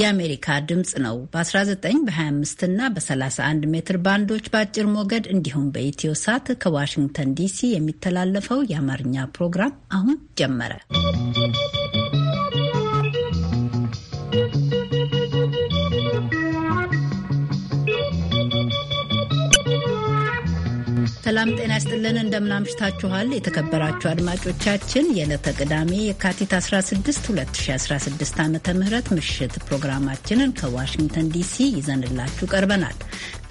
የአሜሪካ ድምፅ ነው። በ19 በ25 እና በ31 ሜትር ባንዶች በአጭር ሞገድ እንዲሁም በኢትዮ ሳት ከዋሽንግተን ዲሲ የሚተላለፈው የአማርኛ ፕሮግራም አሁን ጀመረ። ሰላም ጤና ይስጥልን። እንደምናምሽታችኋል የተከበራችሁ አድማጮቻችን። የዕለተ ቅዳሜ የካቲት 16 2016 ዓ ም ምሽት ፕሮግራማችንን ከዋሽንግተን ዲሲ ይዘንላችሁ ቀርበናል።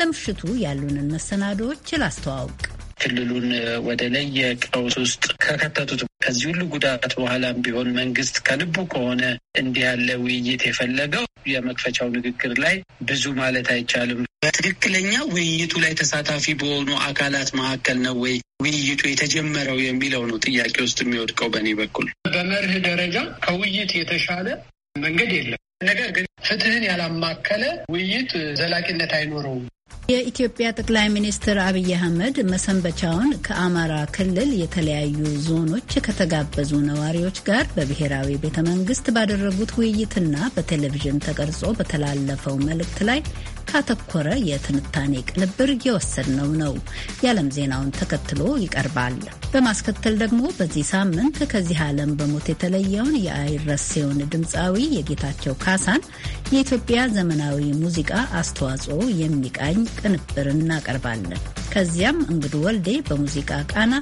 ለምሽቱ ያሉንን መሰናዶዎች ላስተዋውቅ። ክልሉን ወደ ለየ ቀውስ ውስጥ ከከተቱት ከዚህ ሁሉ ጉዳት በኋላም ቢሆን መንግስት ከልቡ ከሆነ እንዲህ ያለ ውይይት የፈለገው የመክፈቻው ንግግር ላይ ብዙ ማለት አይቻልም። በትክክለኛ ውይይቱ ላይ ተሳታፊ በሆኑ አካላት መካከል ነው ወይ ውይይቱ የተጀመረው የሚለው ነው ጥያቄ ውስጥ የሚወድቀው። በእኔ በኩል በመርህ ደረጃ ከውይይት የተሻለ መንገድ የለም። ነገር ግን ፍትህን ያላማከለ ውይይት ዘላቂነት አይኖረውም። የኢትዮጵያ ጠቅላይ ሚኒስትር አብይ አህመድ መሰንበቻውን ከአማራ ክልል የተለያዩ ዞኖች ከተጋበዙ ነዋሪዎች ጋር በብሔራዊ ቤተ መንግስት ባደረጉት ውይይትና በቴሌቪዥን ተቀርጾ በተላለፈው መልእክት ላይ ካተኮረ የትንታኔ ቅንብር የወሰድነው ነው። የዓለም ዜናውን ተከትሎ ይቀርባል። በማስከተል ደግሞ በዚህ ሳምንት ከዚህ ዓለም በሞት የተለየውን የአይረሴውን ድምፃዊ የጌታቸው ካሳን የኢትዮጵያ ዘመናዊ ሙዚቃ አስተዋጽኦ የሚቃኝ ቅንብር እናቀርባለን። ከዚያም እንግዱ ወልዴ በሙዚቃ ቃና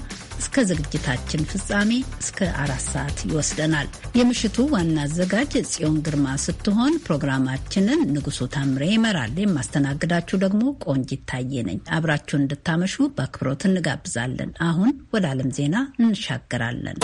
እስከ ዝግጅታችን ፍጻሜ እስከ አራት ሰዓት ይወስደናል። የምሽቱ ዋና አዘጋጅ ጽዮን ግርማ ስትሆን ፕሮግራማችንን ንጉሱ ታምሬ ይመራል። የማስተናግዳችሁ ደግሞ ቆንጅ ይታየ ነኝ። አብራችሁን እንድታመሹ በአክብሮት እንጋብዛለን። አሁን ወደ ዓለም ዜና እንሻገራለን።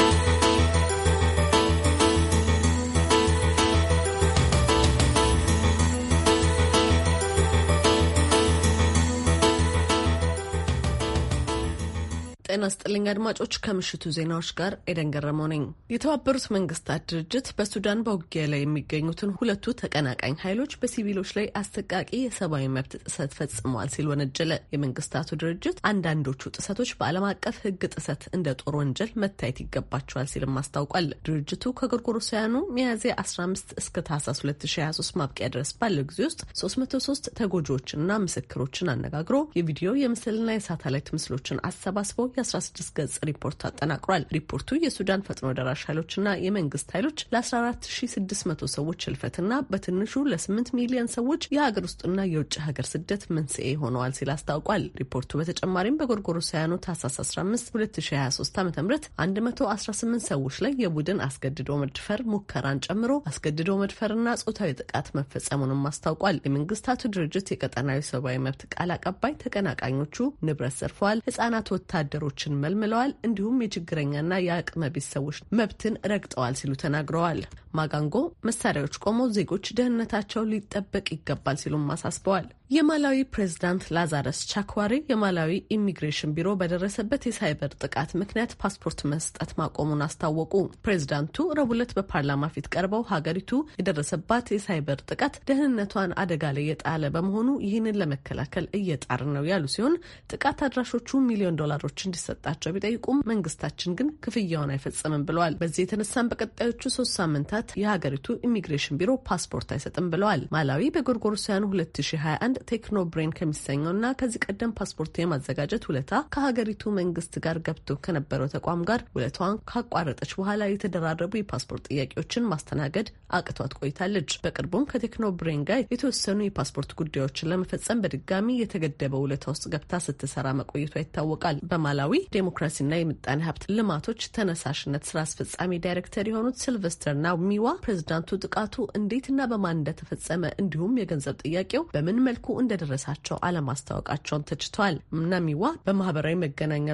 ጤና ስጥልኝ አድማጮች፣ ከምሽቱ ዜናዎች ጋር ኤደን ገረመ ነኝ። የተባበሩት መንግስታት ድርጅት በሱዳን በውጊያ ላይ የሚገኙትን ሁለቱ ተቀናቃኝ ኃይሎች በሲቪሎች ላይ አሰቃቂ የሰብአዊ መብት ጥሰት ፈጽመዋል ሲል ወነጀለ። የመንግስታቱ ድርጅት አንዳንዶቹ ጥሰቶች በዓለም አቀፍ ሕግ ጥሰት እንደ ጦር ወንጀል መታየት ይገባቸዋል ሲልም አስታውቋል። ድርጅቱ ከጎርጎሮሳውያኑ ሚያዝያ 15 እስከ ታህሳስ 2023 ማብቂያ ድረስ ባለው ጊዜ ውስጥ 303 ተጎጂዎችንና ምስክሮችን አነጋግሮ የቪዲዮ የምስልና የሳተላይት ምስሎችን አሰባስበው የ16 ገጽ ሪፖርት አጠናቅሯል። ሪፖርቱ የሱዳን ፈጥኖ ደራሽ ኃይሎችና የመንግስት ኃይሎች ለ14600 ሰዎች ህልፈትና በትንሹ ለ8 ሚሊዮን ሰዎች የሀገር ውስጥና የውጭ ሀገር ስደት መንስኤ ሆነዋል ሲል አስታውቋል። ሪፖርቱ በተጨማሪም በጎርጎሮሳውያኑ ታህሳስ 15 2023 ዓ ም 118 ሰዎች ላይ የቡድን አስገድዶ መድፈር ሙከራን ጨምሮ አስገድዶ መድፈርና ጾታዊ ጥቃት መፈጸሙንም አስታውቋል። የመንግስታቱ ድርጅት የቀጠናዊ ሰብአዊ መብት ቃል አቀባይ ተቀናቃኞቹ ንብረት ዘርፈዋል፣ ህጻናት ወታደሮች ችግሮችን መልምለዋል፣ እንዲሁም የችግረኛና የአቅመ ቢስ ሰዎች መብትን ረግጠዋል ሲሉ ተናግረዋል። ማጋንጎ መሳሪያዎች ቆመው ዜጎች ደህንነታቸው ሊጠበቅ ይገባል ሲሉም አሳስበዋል። የማላዊ ፕሬዚዳንት ላዛረስ ቻኳሬ የማላዊ ኢሚግሬሽን ቢሮ በደረሰበት የሳይበር ጥቃት ምክንያት ፓስፖርት መስጠት ማቆሙን አስታወቁ። ፕሬዚዳንቱ ረቡዕ ዕለት በፓርላማ ፊት ቀርበው ሀገሪቱ የደረሰባት የሳይበር ጥቃት ደህንነቷን አደጋ ላይ የጣለ በመሆኑ ይህንን ለመከላከል እየጣር ነው ያሉ ሲሆን ጥቃት አድራሾቹ ሚሊዮን ዶላሮች እንዲ እንዲሰጣቸው ቢጠይቁም መንግስታችን ግን ክፍያውን አይፈጽምም ብለዋል። በዚህ የተነሳም በቀጣዮቹ ሶስት ሳምንታት የሀገሪቱ ኢሚግሬሽን ቢሮ ፓስፖርት አይሰጥም ብለዋል። ማላዊ በጎርጎሮሳውያኑ 2021 ቴክኖ ብሬን ከሚሰኘውና ከዚህ ቀደም ፓስፖርት የማዘጋጀት ውለታ ከሀገሪቱ መንግስት ጋር ገብቶ ከነበረው ተቋም ጋር ውለታዋን ካቋረጠች በኋላ የተደራረቡ የፓስፖርት ጥያቄዎችን ማስተናገድ አቅቷት ቆይታለች። በቅርቡም ከቴክኖ ብሬን ጋር የተወሰኑ የፓስፖርት ጉዳዮችን ለመፈጸም በድጋሚ የተገደበ ውለታ ውስጥ ገብታ ስትሰራ መቆየቷ ይታወቃል። በማላዊ የማህበራዊ ዴሞክራሲና የምጣኔ ሀብት ልማቶች ተነሳሽነት ስራ አስፈጻሚ ዳይሬክተር የሆኑት ሲልቨስተር ሚዋ ፕሬዚዳንቱ ጥቃቱ እንዴትና በማን እንደተፈጸመ እንዲሁም የገንዘብ ጥያቄው በምን መልኩ እንደደረሳቸው አለማስታወቃቸውን ተችተዋል። ናሚዋ በማህበራዊ መገናኛ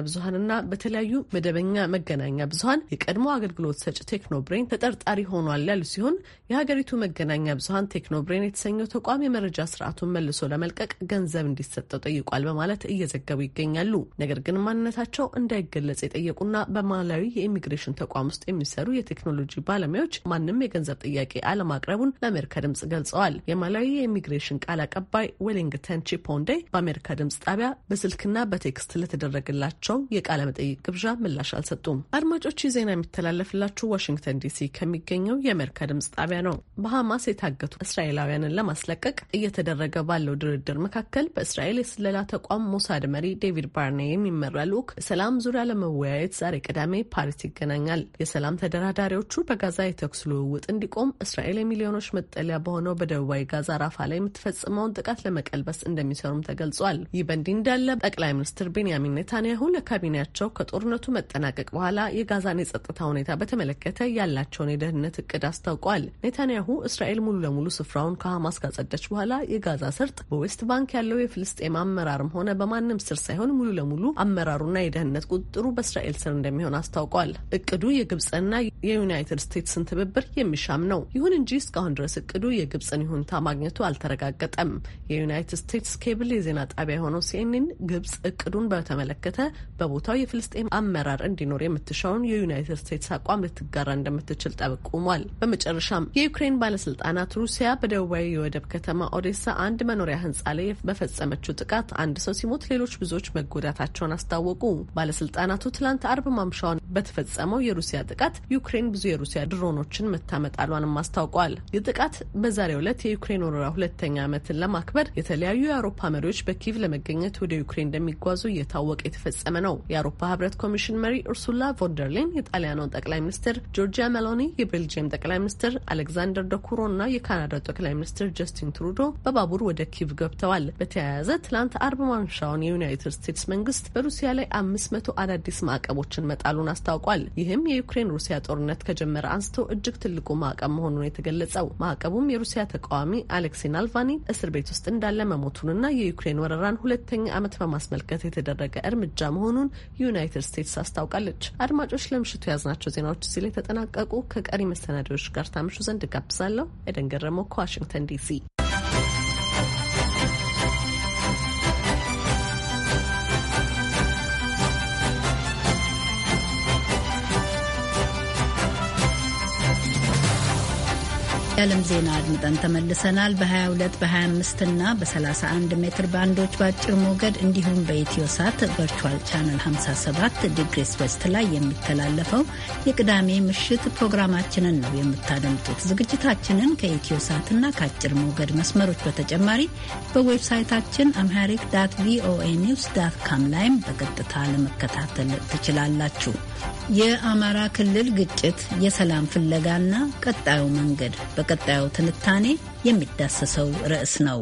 ና በተለያዩ መደበኛ መገናኛ ብዙሀን የቀድሞ አገልግሎት ሰጪ ቴክኖብሬን ተጠርጣሪ ሆኗል ያሉ ሲሆን የሀገሪቱ መገናኛ ብዙሀን ቴክኖብሬን የተሰኘው ተቋም የመረጃ ስርዓቱን መልሶ ለመልቀቅ ገንዘብ እንዲሰጠው ጠይቋል በማለት እየዘገቡ ይገኛሉ። ነገር ግን ማንነታቸው ማንነታቸው እንዳይገለጽ የጠየቁና በማላዊ የኢሚግሬሽን ተቋም ውስጥ የሚሰሩ የቴክኖሎጂ ባለሙያዎች ማንም የገንዘብ ጥያቄ አለማቅረቡን ለአሜሪካ ድምጽ ገልጸዋል። የማላዊ የኢሚግሬሽን ቃል አቀባይ ዌሊንግተን ቺፖንዴ በአሜሪካ ድምጽ ጣቢያ በስልክና በቴክስት ለተደረገላቸው የቃለ መጠይቅ ግብዣ ምላሽ አልሰጡም። አድማጮች ዜና የሚተላለፍላችሁ ዋሽንግተን ዲሲ ከሚገኘው የአሜሪካ ድምጽ ጣቢያ ነው። በሐማስ የታገቱ እስራኤላውያንን ለማስለቀቅ እየተደረገ ባለው ድርድር መካከል በእስራኤል የስለላ ተቋም ሞሳድ መሪ ዴቪድ ባርኔ የሚመራ ልዑክ ሰላም ዙሪያ ለመወያየት ዛሬ ቅዳሜ ፓሪስ ይገናኛል። የሰላም ተደራዳሪዎቹ በጋዛ የተኩስ ልውውጥ እንዲቆም እስራኤል የሚሊዮኖች መጠለያ በሆነው በደቡባዊ ጋዛ ራፋ ላይ የምትፈጽመውን ጥቃት ለመቀልበስ እንደሚሰሩም ተገልጿል። ይህ በእንዲህ እንዳለ ጠቅላይ ሚኒስትር ቤንያሚን ኔታንያሁ ለካቢኔያቸው ከጦርነቱ መጠናቀቅ በኋላ የጋዛን የጸጥታ ሁኔታ በተመለከተ ያላቸውን የደህንነት እቅድ አስታውቋል። ኔታንያሁ እስራኤል ሙሉ ለሙሉ ስፍራውን ከሐማስ ካጸደች በኋላ የጋዛ ሰርጥ በዌስት ባንክ ያለው የፍልስጤም አመራርም ሆነ በማንም ስር ሳይሆን ሙሉ ለሙሉ አመራሩና የደህንነት ቁጥጥሩ በእስራኤል ስር እንደሚሆን አስታውቋል። እቅዱ የግብፅና የዩናይትድ ስቴትስን ትብብር የሚሻም ነው። ይሁን እንጂ እስካሁን ድረስ እቅዱ የግብፅን ይሁንታ ማግኘቱ አልተረጋገጠም። የዩናይትድ ስቴትስ ኬብል የዜና ጣቢያ የሆነው ሲኤንኤን ግብፅ እቅዱን በተመለከተ በቦታው የፍልስጤም አመራር እንዲኖር የምትሻውን የዩናይትድ ስቴትስ አቋም ልትጋራ እንደምትችል ጠቁሟል። በመጨረሻም የዩክሬን ባለስልጣናት ሩሲያ በደቡባዊ የወደብ ከተማ ኦዴሳ አንድ መኖሪያ ህንጻ ላይ በፈጸመችው ጥቃት አንድ ሰው ሲሞት ሌሎች ብዙዎች መጎዳታቸውን አስታወቁ። ባለስልጣናቱ ትላንት አርብ ማምሻውን በተፈጸመው የሩሲያ ጥቃት ዩክሬን ብዙ የሩሲያ ድሮኖችን መታመጣሏንም አስታውቋል። ይህ ጥቃት በዛሬው ዕለት የዩክሬን ወረራ ሁለተኛ ዓመትን ለማክበር የተለያዩ የአውሮፓ መሪዎች በኪቭ ለመገኘት ወደ ዩክሬን እንደሚጓዙ እየታወቀ የተፈጸመ ነው። የአውሮፓ ህብረት ኮሚሽን መሪ ኡርሱላ ቮንደርሌን፣ የጣሊያኗን ጠቅላይ ሚኒስትር ጆርጂያ ሜሎኒ፣ የቤልጅየም ጠቅላይ ሚኒስትር አሌክዛንደር ደኩሮ እና የካናዳ ጠቅላይ ሚኒስትር ጀስቲን ትሩዶ በባቡር ወደ ኪቭ ገብተዋል። በተያያዘ ትላንት አርብ ማምሻውን የዩናይትድ ስቴትስ መንግስት በሩሲያ ላይ አምስት መቶ አዳዲስ ማዕቀቦችን መጣሉን አስታውቋል። ይህም የዩክሬን ሩሲያ ጦርነት ከጀመረ አንስቶ እጅግ ትልቁ ማዕቀብ መሆኑን የተገለጸው ማዕቀቡም የሩሲያ ተቃዋሚ አሌክሲ ናልቫኒ እስር ቤት ውስጥ እንዳለ መሞቱንና የዩክሬን ወረራን ሁለተኛ ዓመት በማስመልከት የተደረገ እርምጃ መሆኑን ዩናይትድ ስቴትስ አስታውቃለች። አድማጮች ለምሽቱ የያዝናቸው ዜናዎች እዚህ ላይ ተጠናቀቁ። ከቀሪ መሰናዶዎች ጋር ታምሹ ዘንድ ጋብዛለሁ። ኤደን ገረመው ከዋሽንግተን ዲሲ የዓለም ዜና አድምጠን ተመልሰናል። በ22 በ25 እና በ31 ሜትር ባንዶች በአጭር ሞገድ እንዲሁም በኢትዮ ሳት ቨርቹዋል ቻነል 57 ዲግሪስ ዌስት ላይ የሚተላለፈው የቅዳሜ ምሽት ፕሮግራማችንን ነው የምታደምጡት። ዝግጅታችንን ከኢትዮ ሳት እና ከአጭር ሞገድ መስመሮች በተጨማሪ በዌብሳይታችን አምሃሪክ ዳት ቪኦኤ ኒውስ ዳት ካም ላይም በቀጥታ ለመከታተል ትችላላችሁ። የአማራ ክልል ግጭት፣ የሰላም ፍለጋና ቀጣዩ መንገድ በቀጣዩ ትንታኔ የሚዳሰሰው ርዕስ ነው።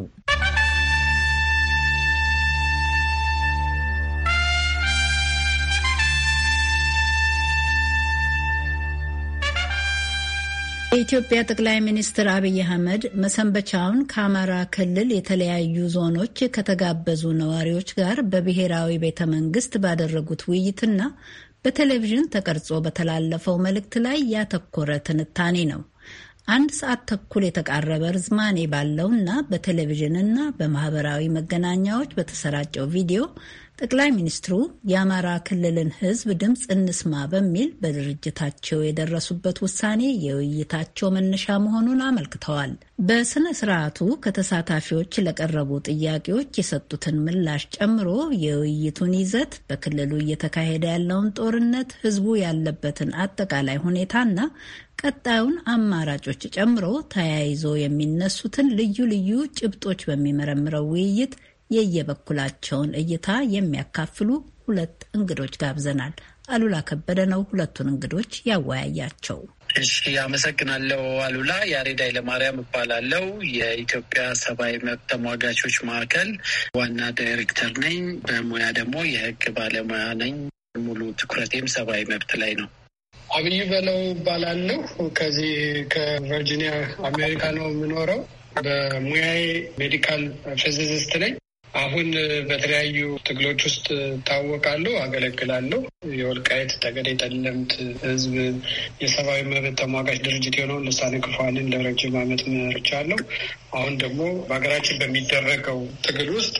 የኢትዮጵያ ጠቅላይ ሚኒስትር አብይ አህመድ መሰንበቻውን ከአማራ ክልል የተለያዩ ዞኖች ከተጋበዙ ነዋሪዎች ጋር በብሔራዊ ቤተ መንግስት ባደረጉት ውይይትና በቴሌቪዥን ተቀርጾ በተላለፈው መልእክት ላይ ያተኮረ ትንታኔ ነው። አንድ ሰዓት ተኩል የተቃረበ ርዝማኔ ባለውና በቴሌቪዥንና በማህበራዊ መገናኛዎች በተሰራጨው ቪዲዮ ጠቅላይ ሚኒስትሩ የአማራ ክልልን ሕዝብ ድምፅ እንስማ በሚል በድርጅታቸው የደረሱበት ውሳኔ የውይይታቸው መነሻ መሆኑን አመልክተዋል። በስነ ስርዓቱ ከተሳታፊዎች ለቀረቡ ጥያቄዎች የሰጡትን ምላሽ ጨምሮ የውይይቱን ይዘት፣ በክልሉ እየተካሄደ ያለውን ጦርነት፣ ሕዝቡ ያለበትን አጠቃላይ ሁኔታና ቀጣዩን አማራጮች ጨምሮ ተያይዞ የሚነሱትን ልዩ ልዩ ጭብጦች በሚመረምረው ውይይት የየበኩላቸውን እይታ የሚያካፍሉ ሁለት እንግዶች ጋብዘናል። አሉላ ከበደ ነው ሁለቱን እንግዶች ያወያያቸው። እሺ፣ አመሰግናለሁ አሉላ። ያሬድ ኃይለማርያም እባላለሁ። የኢትዮጵያ ሰብአዊ መብት ተሟጋቾች ማዕከል ዋና ዳይሬክተር ነኝ። በሙያ ደግሞ የህግ ባለሙያ ነኝ። ሙሉ ትኩረቴም ሰብአዊ መብት ላይ ነው። አብይ በለው እባላለሁ። ከዚህ ከቨርጂኒያ አሜሪካ ነው የምኖረው። በሙያዬ ሜዲካል ፊዚሲስት ነኝ። አሁን በተለያዩ ትግሎች ውስጥ ታወቃለሁ አገለግላለሁ። የወልቃየት ጠገዴ ጠለምት ህዝብ የሰብአዊ መብት ተሟጋች ድርጅት የሆነውን ልሳነ ክፋንን ለረጅም ዓመት መርቻለሁ። አሁን ደግሞ በሀገራችን በሚደረገው ትግል ውስጥ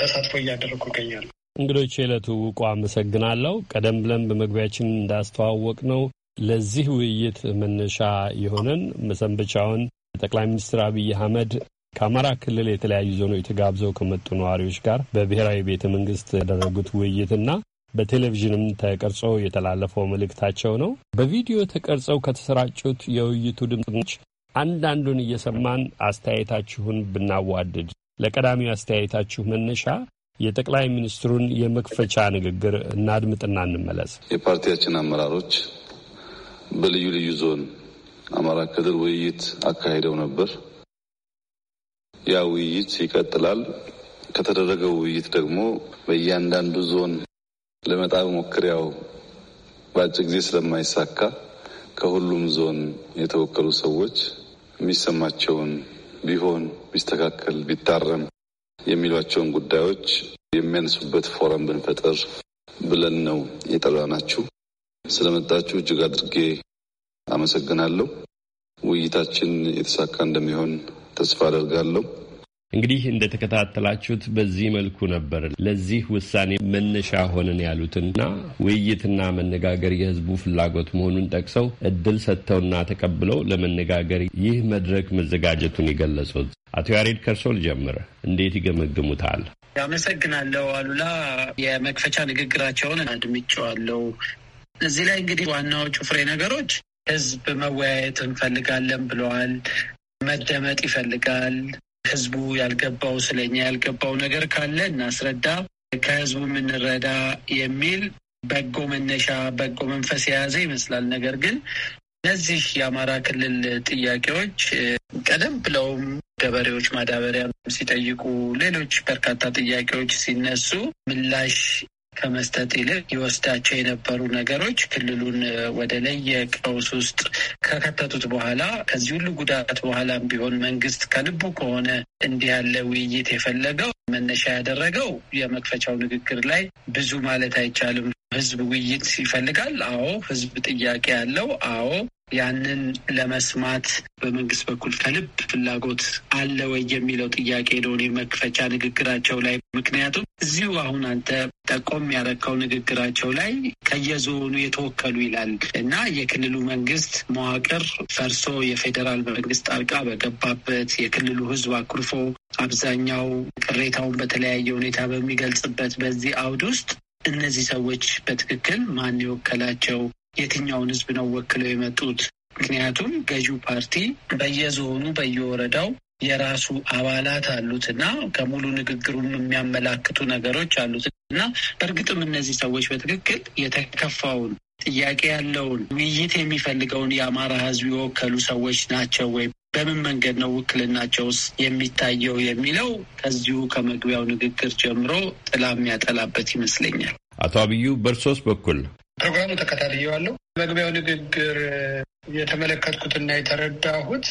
ተሳትፎ እያደረጉ ይገኛሉ። እንግዶች ለትውውቁ አመሰግናለሁ። ቀደም ብለን በመግቢያችን እንዳስተዋወቅ ነው ለዚህ ውይይት መነሻ የሆነን መሰንበቻውን ጠቅላይ ሚኒስትር አብይ አህመድ ከአማራ ክልል የተለያዩ ዞኖች ተጋብዘው ከመጡ ነዋሪዎች ጋር በብሔራዊ ቤተ መንግስት ያደረጉት ውይይትና በቴሌቪዥንም ተቀርጾ የተላለፈው መልእክታቸው ነው። በቪዲዮ ተቀርጸው ከተሰራጩት የውይይቱ ድምጾች አንዳንዱን እየሰማን አስተያየታችሁን ብናዋድድ ለቀዳሚው አስተያየታችሁ መነሻ የጠቅላይ ሚኒስትሩን የመክፈቻ ንግግር እናድምጥና እንመለስ። የፓርቲያችን አመራሮች በልዩ ልዩ ዞን አማራ ክልል ውይይት አካሂደው ነበር። ያ ውይይት ይቀጥላል። ከተደረገው ውይይት ደግሞ በእያንዳንዱ ዞን ለመጣብ ሞክሪያው በአጭር ጊዜ ስለማይሳካ ከሁሉም ዞን የተወከሉ ሰዎች የሚሰማቸውን ቢሆን ቢስተካከል ቢታረም የሚሏቸውን ጉዳዮች የሚያነሱበት ፎረም ብንፈጠር ብለን ነው የጠራናችሁ። ስለመጣችሁ እጅግ አድርጌ አመሰግናለሁ። ውይይታችን የተሳካ እንደሚሆን ተስፋ አደርጋለሁ። እንግዲህ እንደተከታተላችሁት በዚህ መልኩ ነበር ለዚህ ውሳኔ መነሻ ሆነን ያሉትና ውይይትና መነጋገር የሕዝቡ ፍላጎት መሆኑን ጠቅሰው እድል ሰጥተውና ተቀብለው ለመነጋገር ይህ መድረክ መዘጋጀቱን የገለጹት አቶ ያሬድ ከርሶ ልጀምር፣ እንዴት ይገመግሙታል? አመሰግናለሁ አሉላ። የመክፈቻ ንግግራቸውን አድምጬዋለሁ። እዚህ ላይ እንግዲህ ዋናዎቹ ፍሬ ነገሮች ህዝብ መወያየት እንፈልጋለን ብለዋል። መደመጥ ይፈልጋል። ህዝቡ ያልገባው ስለኛ ያልገባው ነገር ካለ እናስረዳ፣ ከህዝቡ የምንረዳ የሚል በጎ መነሻ በጎ መንፈስ የያዘ ይመስላል። ነገር ግን እነዚህ የአማራ ክልል ጥያቄዎች ቀደም ብለውም ገበሬዎች ማዳበሪያ ሲጠይቁ፣ ሌሎች በርካታ ጥያቄዎች ሲነሱ ምላሽ ከመስጠት ይልቅ ይወስዳቸው የነበሩ ነገሮች ክልሉን ወደ ለየ ቀውስ ውስጥ ከከተቱት በኋላ ከዚህ ሁሉ ጉዳት በኋላም ቢሆን መንግስት ከልቡ ከሆነ እንዲህ ያለ ውይይት የፈለገው መነሻ ያደረገው የመክፈቻው ንግግር ላይ ብዙ ማለት አይቻልም። ህዝብ ውይይት ይፈልጋል። አዎ፣ ህዝብ ጥያቄ ያለው አዎ፣ ያንን ለመስማት በመንግስት በኩል ከልብ ፍላጎት አለ ወይ የሚለው ጥያቄ ደሆን መክፈቻ ንግግራቸው ላይ ምክንያቱም እዚሁ አሁን አንተ ጠቆም ያረከው ንግግራቸው ላይ ከየዞኑ የተወከሉ ይላል እና የክልሉ መንግስት መዋቅር ፈርሶ የፌዴራል መንግስት ጣልቃ በገባበት የክልሉ ህዝብ አኩርፎ አብዛኛው ቅሬታውን በተለያየ ሁኔታ በሚገልጽበት በዚህ አውድ ውስጥ እነዚህ ሰዎች በትክክል ማን የወከላቸው የትኛውን ህዝብ ነው ወክለው የመጡት? ምክንያቱም ገዢው ፓርቲ በየዞኑ በየወረዳው የራሱ አባላት አሉት እና ከሙሉ ንግግሩም የሚያመላክቱ ነገሮች አሉት እና በእርግጥም እነዚህ ሰዎች በትክክል የተከፋውን ጥያቄ ያለውን ውይይት የሚፈልገውን የአማራ ህዝብ የወከሉ ሰዎች ናቸው ወይም በምን መንገድ ነው ውክልናቸው የሚታየው የሚለው ከዚሁ ከመግቢያው ንግግር ጀምሮ ጥላ የሚያጠላበት ይመስለኛል። አቶ አብዩ በእርሶስ በኩል ፕሮግራሙ ተከታትየዋለሁ። መግቢያው ንግግር የተመለከትኩትና የተረዳሁት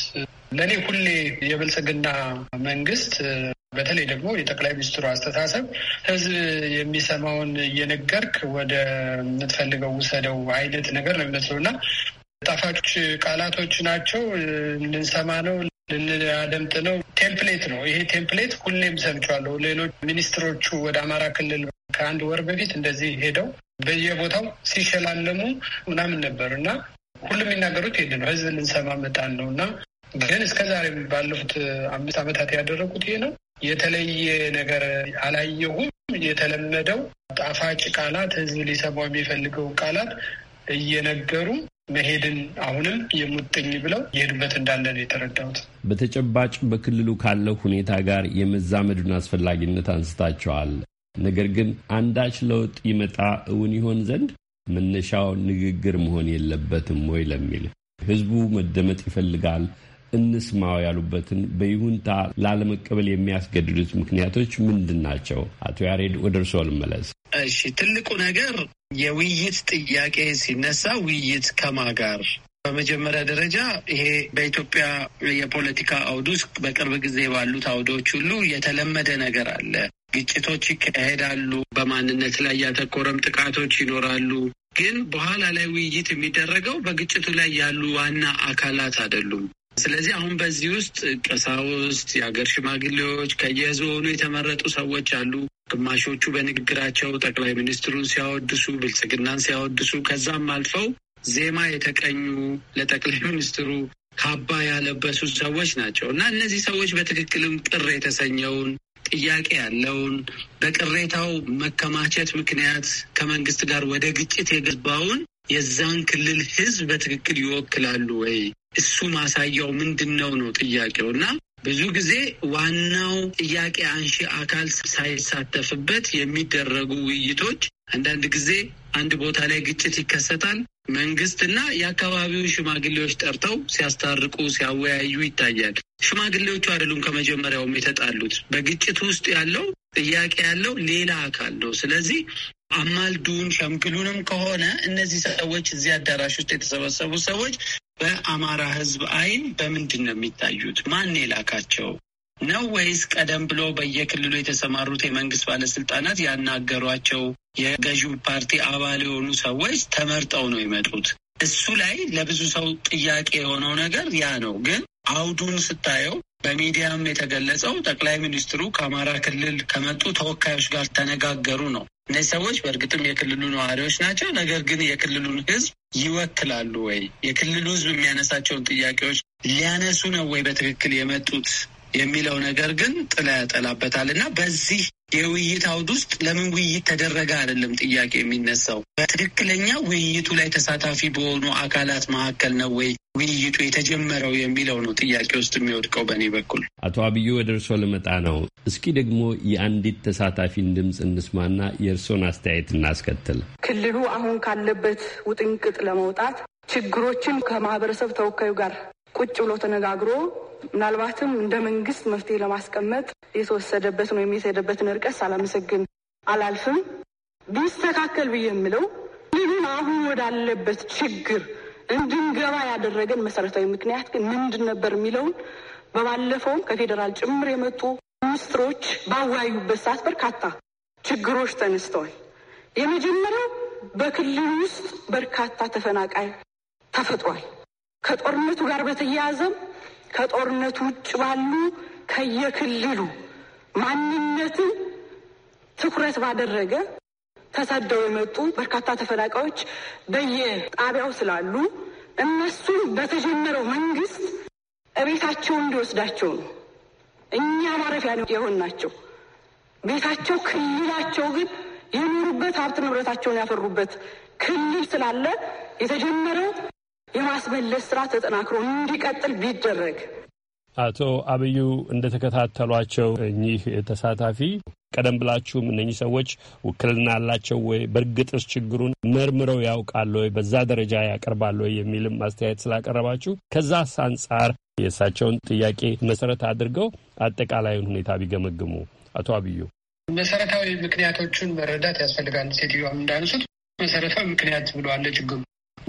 ለእኔ ሁሌ የብልጽግና መንግስት በተለይ ደግሞ የጠቅላይ ሚኒስትሩ አስተሳሰብ ህዝብ የሚሰማውን እየነገርክ ወደ የምትፈልገው ውሰደው አይነት ነገር ነው የሚመስለው እና ጣፋጮች ቃላቶች ናቸው። ልንሰማ ነው ልናደምጥ ነው። ቴምፕሌት ነው ይሄ ቴምፕሌት ሁሌም ሰምቸዋለሁ። ሌሎች ሚኒስትሮቹ ወደ አማራ ክልል ከአንድ ወር በፊት እንደዚህ ሄደው በየቦታው ሲሸላለሙ ምናምን ነበር እና ሁሉም የሚናገሩት ይሄን ነው። ህዝብ ልንሰማ መጣን ነው እና ግን እስከዛሬ ባለፉት አምስት ዓመታት ያደረጉት ይሄ ነው። የተለየ ነገር አላየሁም። የተለመደው ጣፋጭ ቃላት፣ ህዝብ ሊሰማው የሚፈልገው ቃላት እየነገሩ መሄድን አሁንም የሙጥኝ ብለው የሄዱበት እንዳለ ነው የተረዳሁት። በተጨባጭ በክልሉ ካለው ሁኔታ ጋር የመዛመዱን አስፈላጊነት አንስታቸዋል። ነገር ግን አንዳች ለውጥ ይመጣ እውን ይሆን ዘንድ መነሻው ንግግር መሆን የለበትም ወይ ለሚል ህዝቡ መደመጥ ይፈልጋል። እንስማው ያሉበትን በይሁንታ ላለመቀበል የሚያስገድዱት ምክንያቶች ምንድን ናቸው? አቶ ያሬድ ወደ እርስዎ ልመለስ። እሺ፣ ትልቁ ነገር የውይይት ጥያቄ ሲነሳ ውይይት ከማ ጋር በመጀመሪያ ደረጃ ይሄ በኢትዮጵያ የፖለቲካ አውድ ውስጥ በቅርብ ጊዜ ባሉት አውዶች ሁሉ የተለመደ ነገር አለ። ግጭቶች ይካሄዳሉ። በማንነት ላይ ያተኮረም ጥቃቶች ይኖራሉ። ግን በኋላ ላይ ውይይት የሚደረገው በግጭቱ ላይ ያሉ ዋና አካላት አይደሉም። ስለዚህ አሁን በዚህ ውስጥ ቀሳውስት፣ የሀገር ሽማግሌዎች፣ ከየዞኑ የተመረጡ ሰዎች አሉ። ግማሾቹ በንግግራቸው ጠቅላይ ሚኒስትሩን ሲያወድሱ፣ ብልጽግናን ሲያወድሱ ከዛም አልፈው ዜማ የተቀኙ ለጠቅላይ ሚኒስትሩ ካባ ያለበሱ ሰዎች ናቸው እና እነዚህ ሰዎች በትክክልም ቅር የተሰኘውን ጥያቄ ያለውን በቅሬታው መከማቸት ምክንያት ከመንግስት ጋር ወደ ግጭት የገባውን የዛን ክልል ህዝብ በትክክል ይወክላሉ ወይ? እሱ ማሳያው ምንድን ነው ነው ጥያቄው እና ብዙ ጊዜ ዋናው ጥያቄ አንሺ አካል ሳይሳተፍበት የሚደረጉ ውይይቶች አንዳንድ ጊዜ አንድ ቦታ ላይ ግጭት ይከሰታል። መንግስትና የአካባቢው ሽማግሌዎች ጠርተው ሲያስታርቁ፣ ሲያወያዩ ይታያል። ሽማግሌዎቹ አይደሉም ከመጀመሪያውም የተጣሉት። በግጭት ውስጥ ያለው ጥያቄ ያለው ሌላ አካል ነው። ስለዚህ አማልዱን ሸምግሉንም ከሆነ እነዚህ ሰዎች እዚህ አዳራሽ ውስጥ የተሰበሰቡ ሰዎች በአማራ ሕዝብ አይን በምንድን ነው የሚታዩት? ማን የላካቸው ነው ወይስ ቀደም ብሎ በየክልሉ የተሰማሩት የመንግስት ባለስልጣናት ያናገሯቸው የገዢው ፓርቲ አባል የሆኑ ሰዎች ተመርጠው ነው የመጡት? እሱ ላይ ለብዙ ሰው ጥያቄ የሆነው ነገር ያ ነው። ግን አውዱን ስታየው በሚዲያም የተገለጸው ጠቅላይ ሚኒስትሩ ከአማራ ክልል ከመጡ ተወካዮች ጋር ተነጋገሩ ነው። እነዚህ ሰዎች በእርግጥም የክልሉ ነዋሪዎች ናቸው። ነገር ግን የክልሉን ሕዝብ ይወክላሉ ወይ? የክልሉ ሕዝብ የሚያነሳቸውን ጥያቄዎች ሊያነሱ ነው ወይ በትክክል የመጡት የሚለው ነገር ግን ጥላ ያጠላበታል እና በዚህ የውይይት አውድ ውስጥ ለምን ውይይት ተደረገ አይደለም ጥያቄ የሚነሳው። በትክክለኛ ውይይቱ ላይ ተሳታፊ በሆኑ አካላት መካከል ነው ወይ ውይይቱ የተጀመረው የሚለው ነው ጥያቄ ውስጥ የሚወድቀው በእኔ በኩል። አቶ አብዩ ወደ እርስዎ ልመጣ ነው። እስኪ ደግሞ የአንዲት ተሳታፊን ድምፅ እንስማና የእርስዎን አስተያየት እናስከትል። ክልሉ አሁን ካለበት ውጥንቅጥ ለመውጣት ችግሮችን ከማህበረሰብ ተወካዩ ጋር ቁጭ ብሎ ተነጋግሮ ምናልባትም እንደ መንግስት መፍትሄ ለማስቀመጥ የተወሰደበትን ወይም የተሄደበትን ርቀት ሳላመሰግን አላልፍም። ቢስተካከል ብዬ የምለው ይህን አሁን ወዳለበት ችግር እንድንገባ ያደረገን መሰረታዊ ምክንያት ግን ምንድን ነበር የሚለውን በባለፈውም ከፌዴራል ጭምር የመጡ ሚኒስትሮች ባወያዩበት ሰዓት በርካታ ችግሮች ተነስተዋል። የመጀመሪያው በክልል ውስጥ በርካታ ተፈናቃይ ተፈጥሯል። ከጦርነቱ ጋር በተያያዘም ከጦርነቱ ውጭ ባሉ ከየክልሉ ማንነትን ትኩረት ባደረገ ተሰደው የመጡ በርካታ ተፈናቃዮች በየጣቢያው ስላሉ እነሱን በተጀመረው መንግስት እቤታቸው እንዲወስዳቸው ነው። እኛ ማረፊያ የሆን ናቸው። ቤታቸው ክልላቸው ግን የኖሩበት ሀብት ንብረታቸውን ያፈሩበት ክልል ስላለ የተጀመረው የማስመለስ ስራ ተጠናክሮ እንዲቀጥል ቢደረግ። አቶ አብዩ እንደተከታተሏቸው እኚህ ተሳታፊ ቀደም ብላችሁም እነኚህ ሰዎች ውክልና አላቸው ወይ፣ በእርግጥስ ችግሩን መርምረው ያውቃሉ ወይ፣ በዛ ደረጃ ያቀርባሉ ወይ የሚልም አስተያየት ስላቀረባችሁ ከዛስ አንጻር የእሳቸውን ጥያቄ መሰረት አድርገው አጠቃላዩን ሁኔታ ቢገመግሙ። አቶ አብዩ መሰረታዊ ምክንያቶቹን መረዳት ያስፈልጋል። ሴትዮዋም እንዳነሱት መሰረታዊ ምክንያት ብለዋል ችግሩ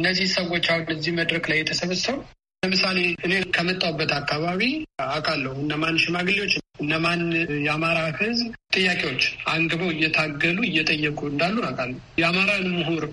እነዚህ ሰዎች አሁን እዚህ መድረክ ላይ የተሰበሰቡ ለምሳሌ እኔ ከመጣሁበት አካባቢ አውቃለሁ እነማን ሽማግሌዎች እነማን የአማራ ሕዝብ ጥያቄዎች አንግበው እየታገሉ እየጠየቁ እንዳሉ አውቃለሁ። የአማራን ምሁር፣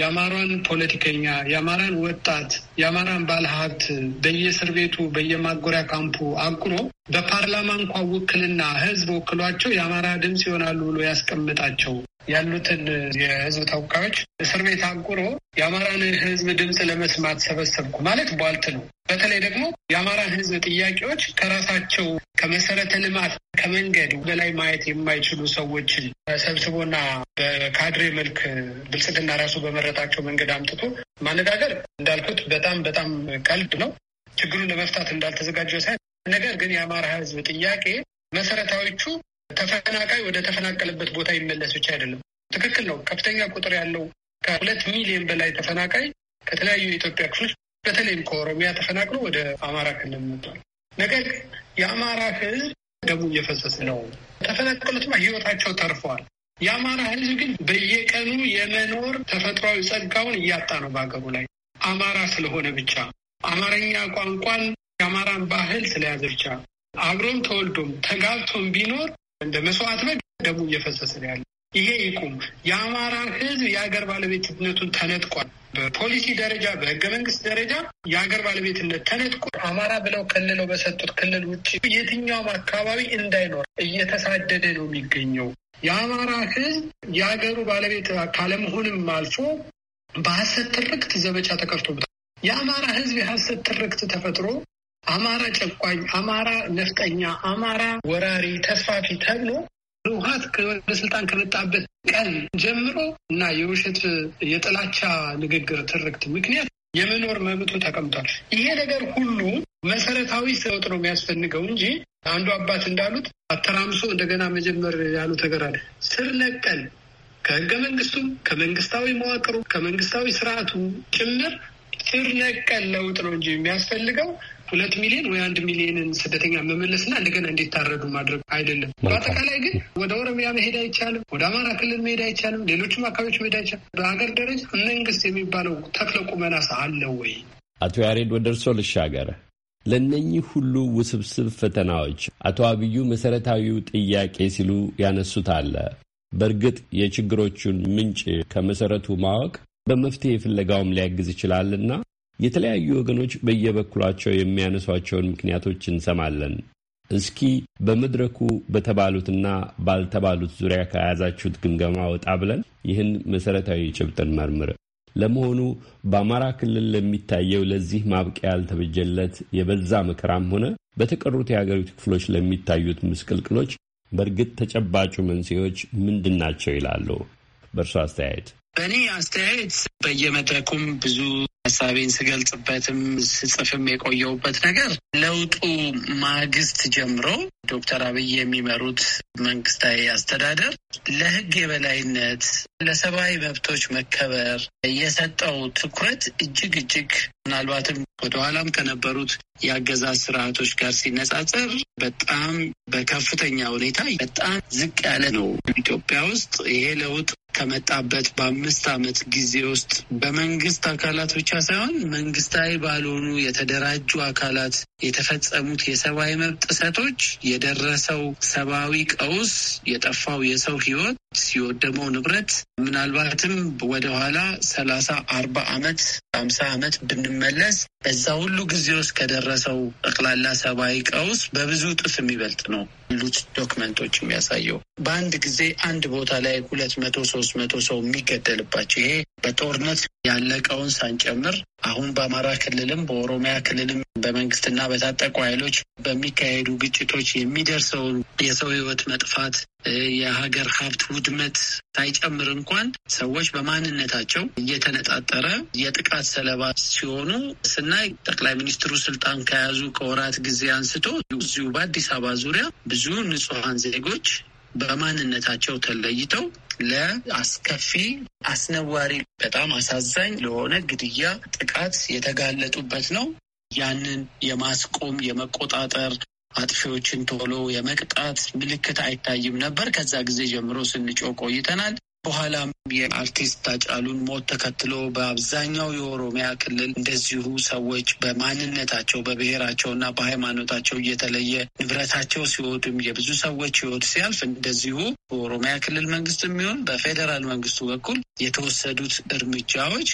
የአማራን ፖለቲከኛ፣ የአማራን ወጣት፣ የአማራን ባለሀብት በየእስር ቤቱ በየማጎሪያ ካምፑ አጉሮ በፓርላማ እንኳ ውክልና ሕዝብ ወክሏቸው የአማራ ድምፅ ይሆናሉ ብሎ ያስቀምጣቸው ያሉትን የህዝብ ተወካዮች እስር ቤት አንቁሮ የአማራን ህዝብ ድምፅ ለመስማት ሰበሰብኩ ማለት ቧልት ነው። በተለይ ደግሞ የአማራን ህዝብ ጥያቄዎች ከራሳቸው ከመሰረተ ልማት ከመንገድ በላይ ማየት የማይችሉ ሰዎችን ሰብስቦና በካድሬ መልክ ብልጽግና ራሱ በመረጣቸው መንገድ አምጥቶ ማነጋገር እንዳልኩት በጣም በጣም ቀልድ ነው። ችግሩን ለመፍታት እንዳልተዘጋጀ ሳይ ነገር ግን የአማራ ህዝብ ጥያቄ መሰረታዊቹ ተፈናቃይ ወደ ተፈናቀለበት ቦታ ይመለስ ብቻ አይደለም። ትክክል ነው። ከፍተኛ ቁጥር ያለው ከሁለት ሚሊዮን በላይ ተፈናቃይ ከተለያዩ የኢትዮጵያ ክፍሎች በተለይም ከኦሮሚያ ተፈናቅሎ ወደ አማራ ክልል መጥቷል። ነገር ግን የአማራ ሕዝብ ደግሞ እየፈሰሰ ነው። ተፈናቀሉትማ ህይወታቸው ተርፈዋል። የአማራ ሕዝብ ግን በየቀኑ የመኖር ተፈጥሯዊ ጸጋውን እያጣ ነው በሀገሩ ላይ አማራ ስለሆነ ብቻ አማርኛ ቋንቋን የአማራን ባህል ስለያዘ ብቻ አብሮም ተወልዶም ተጋብቶም ቢኖር እንደ መስዋዕት ላይ ደሙ እየፈሰሰ ነው ያለ። ይሄ ይቁም። የአማራ ህዝብ የሀገር ባለቤትነቱን ተነጥቋል። በፖሊሲ ደረጃ በህገ መንግስት ደረጃ የሀገር ባለቤትነት ተነጥቆ አማራ ብለው ክልለው በሰጡት ክልል ውጭ የትኛውም አካባቢ እንዳይኖር እየተሳደደ ነው የሚገኘው። የአማራ ህዝብ የሀገሩ ባለቤት ካለመሆንም አልፎ በሀሰት ትርክት ዘመቻ ተከፍቶበታል። የአማራ ህዝብ የሀሰት ትርክት ተፈጥሮ አማራ ጨቋኝ፣ አማራ ነፍጠኛ፣ አማራ ወራሪ፣ ተስፋፊ ተብሎ ህወሀት ወደ ስልጣን ከመጣበት ቀን ጀምሮ እና የውሸት የጥላቻ ንግግር ትርክት ምክንያት የመኖር መብቱ ተቀምጧል። ይሄ ነገር ሁሉ መሰረታዊ ሰውጥ ነው የሚያስፈልገው እንጂ አንዱ አባት እንዳሉት አተራምሶ እንደገና መጀመር ያሉት ነገር አለ። ስር ነቀል ከህገ መንግስቱም ከመንግስታዊ መዋቅሩ ከመንግስታዊ ስርዓቱ ጭምር ስር ነቀል ለውጥ ነው እንጂ የሚያስፈልገው ሁለት ሚሊዮን ወይ አንድ ሚሊዮንን ስደተኛ መመለስና እንደገና እንዲታረዱ ማድረግ አይደለም። በአጠቃላይ ግን ወደ ኦሮሚያ መሄድ አይቻልም፣ ወደ አማራ ክልል መሄድ አይቻልም፣ ሌሎችም አካባቢዎች መሄድ አይቻልም። በሀገር ደረጃ መንግስት የሚባለው ተክለ ቁመናስ አለ ወይ? አቶ ያሬድ ወደ እርሶ ልሻገር። ለእነኚህ ሁሉ ውስብስብ ፈተናዎች አቶ አብዩ መሰረታዊው ጥያቄ ሲሉ ያነሱት አለ። በእርግጥ የችግሮቹን ምንጭ ከመሰረቱ ማወቅ በመፍትሄ ፍለጋውም ሊያግዝ ይችላልና የተለያዩ ወገኖች በየበኩላቸው የሚያነሷቸውን ምክንያቶች እንሰማለን። እስኪ በመድረኩ በተባሉትና ባልተባሉት ዙሪያ ከያዛችሁት ግምገማ ወጣ ብለን ይህን መሰረታዊ ጭብጥን መርምር። ለመሆኑ በአማራ ክልል ለሚታየው ለዚህ ማብቂያ ያልተበጀለት የበዛ መከራም ሆነ በተቀሩት የሀገሪቱ ክፍሎች ለሚታዩት ምስቅልቅሎች በእርግጥ ተጨባጩ መንስኤዎች ምንድን ናቸው ይላሉ? በእርሶ አስተያየት። በእኔ አስተያየት በየመድረኩም ብዙ ሀሳቤን ስገልጽበትም ስጽፍም የቆየውበት ነገር ለውጡ ማግስት ጀምሮ ዶክተር አብይ የሚመሩት መንግስታዊ አስተዳደር ለህግ የበላይነት ለሰብአዊ መብቶች መከበር የሰጠው ትኩረት እጅግ እጅግ ምናልባትም ወደኋላም ከነበሩት የአገዛዝ ስርዓቶች ጋር ሲነጻጸር በጣም በከፍተኛ ሁኔታ በጣም ዝቅ ያለ ነው። ኢትዮጵያ ውስጥ ይሄ ለውጥ ከመጣበት በአምስት አመት ጊዜ ውስጥ በመንግስት አካላት ብቻ ሳይሆን መንግስታዊ ባልሆኑ የተደራጁ አካላት የተፈጸሙት የሰብአዊ መብት ጥሰቶች፣ የደረሰው ሰብአዊ ቀውስ፣ የጠፋው የሰው ህይወት የወደመው ንብረት ምናልባትም ወደኋላ ሰላሳ አርባ ዓመት አምሳ ዓመት ብንመለስ በዛ ሁሉ ጊዜ ውስጥ ከደረሰው ጠቅላላ ሰብአዊ ቀውስ በብዙ እጥፍ የሚበልጥ ነው የሚሉት ዶክመንቶች የሚያሳየው። በአንድ ጊዜ አንድ ቦታ ላይ ሁለት መቶ ሶስት መቶ ሰው የሚገደልባቸው ይሄ በጦርነት ያለቀውን ሳንጨምር አሁን በአማራ ክልልም በኦሮሚያ ክልልም በመንግስትና በታጠቁ ኃይሎች በሚካሄዱ ግጭቶች የሚደርሰውን የሰው ህይወት መጥፋት የሀገር ሀብት ውድ ውድመት ሳይጨምር እንኳን ሰዎች በማንነታቸው እየተነጣጠረ የጥቃት ሰለባ ሲሆኑ ስናይ ጠቅላይ ሚኒስትሩ ስልጣን ከያዙ ከወራት ጊዜ አንስቶ እዚሁ በአዲስ አበባ ዙሪያ ብዙ ንጹሐን ዜጎች በማንነታቸው ተለይተው ለአስከፊ አስነዋሪ፣ በጣም አሳዛኝ ለሆነ ግድያ፣ ጥቃት የተጋለጡበት ነው። ያንን የማስቆም የመቆጣጠር አጥፊዎችን ቶሎ የመቅጣት ምልክት አይታይም ነበር። ከዛ ጊዜ ጀምሮ ስንጮ ቆይተናል። በኋላም የአርቲስት ታጫሉን ሞት ተከትሎ በአብዛኛው የኦሮሚያ ክልል እንደዚሁ ሰዎች በማንነታቸው በብሔራቸው እና በሃይማኖታቸው እየተለየ ንብረታቸው ሲወድም የብዙ ሰዎች ሕይወት ሲያልፍ እንደዚሁ በኦሮሚያ ክልል መንግስት የሚሆን በፌዴራል መንግስቱ በኩል የተወሰዱት እርምጃዎች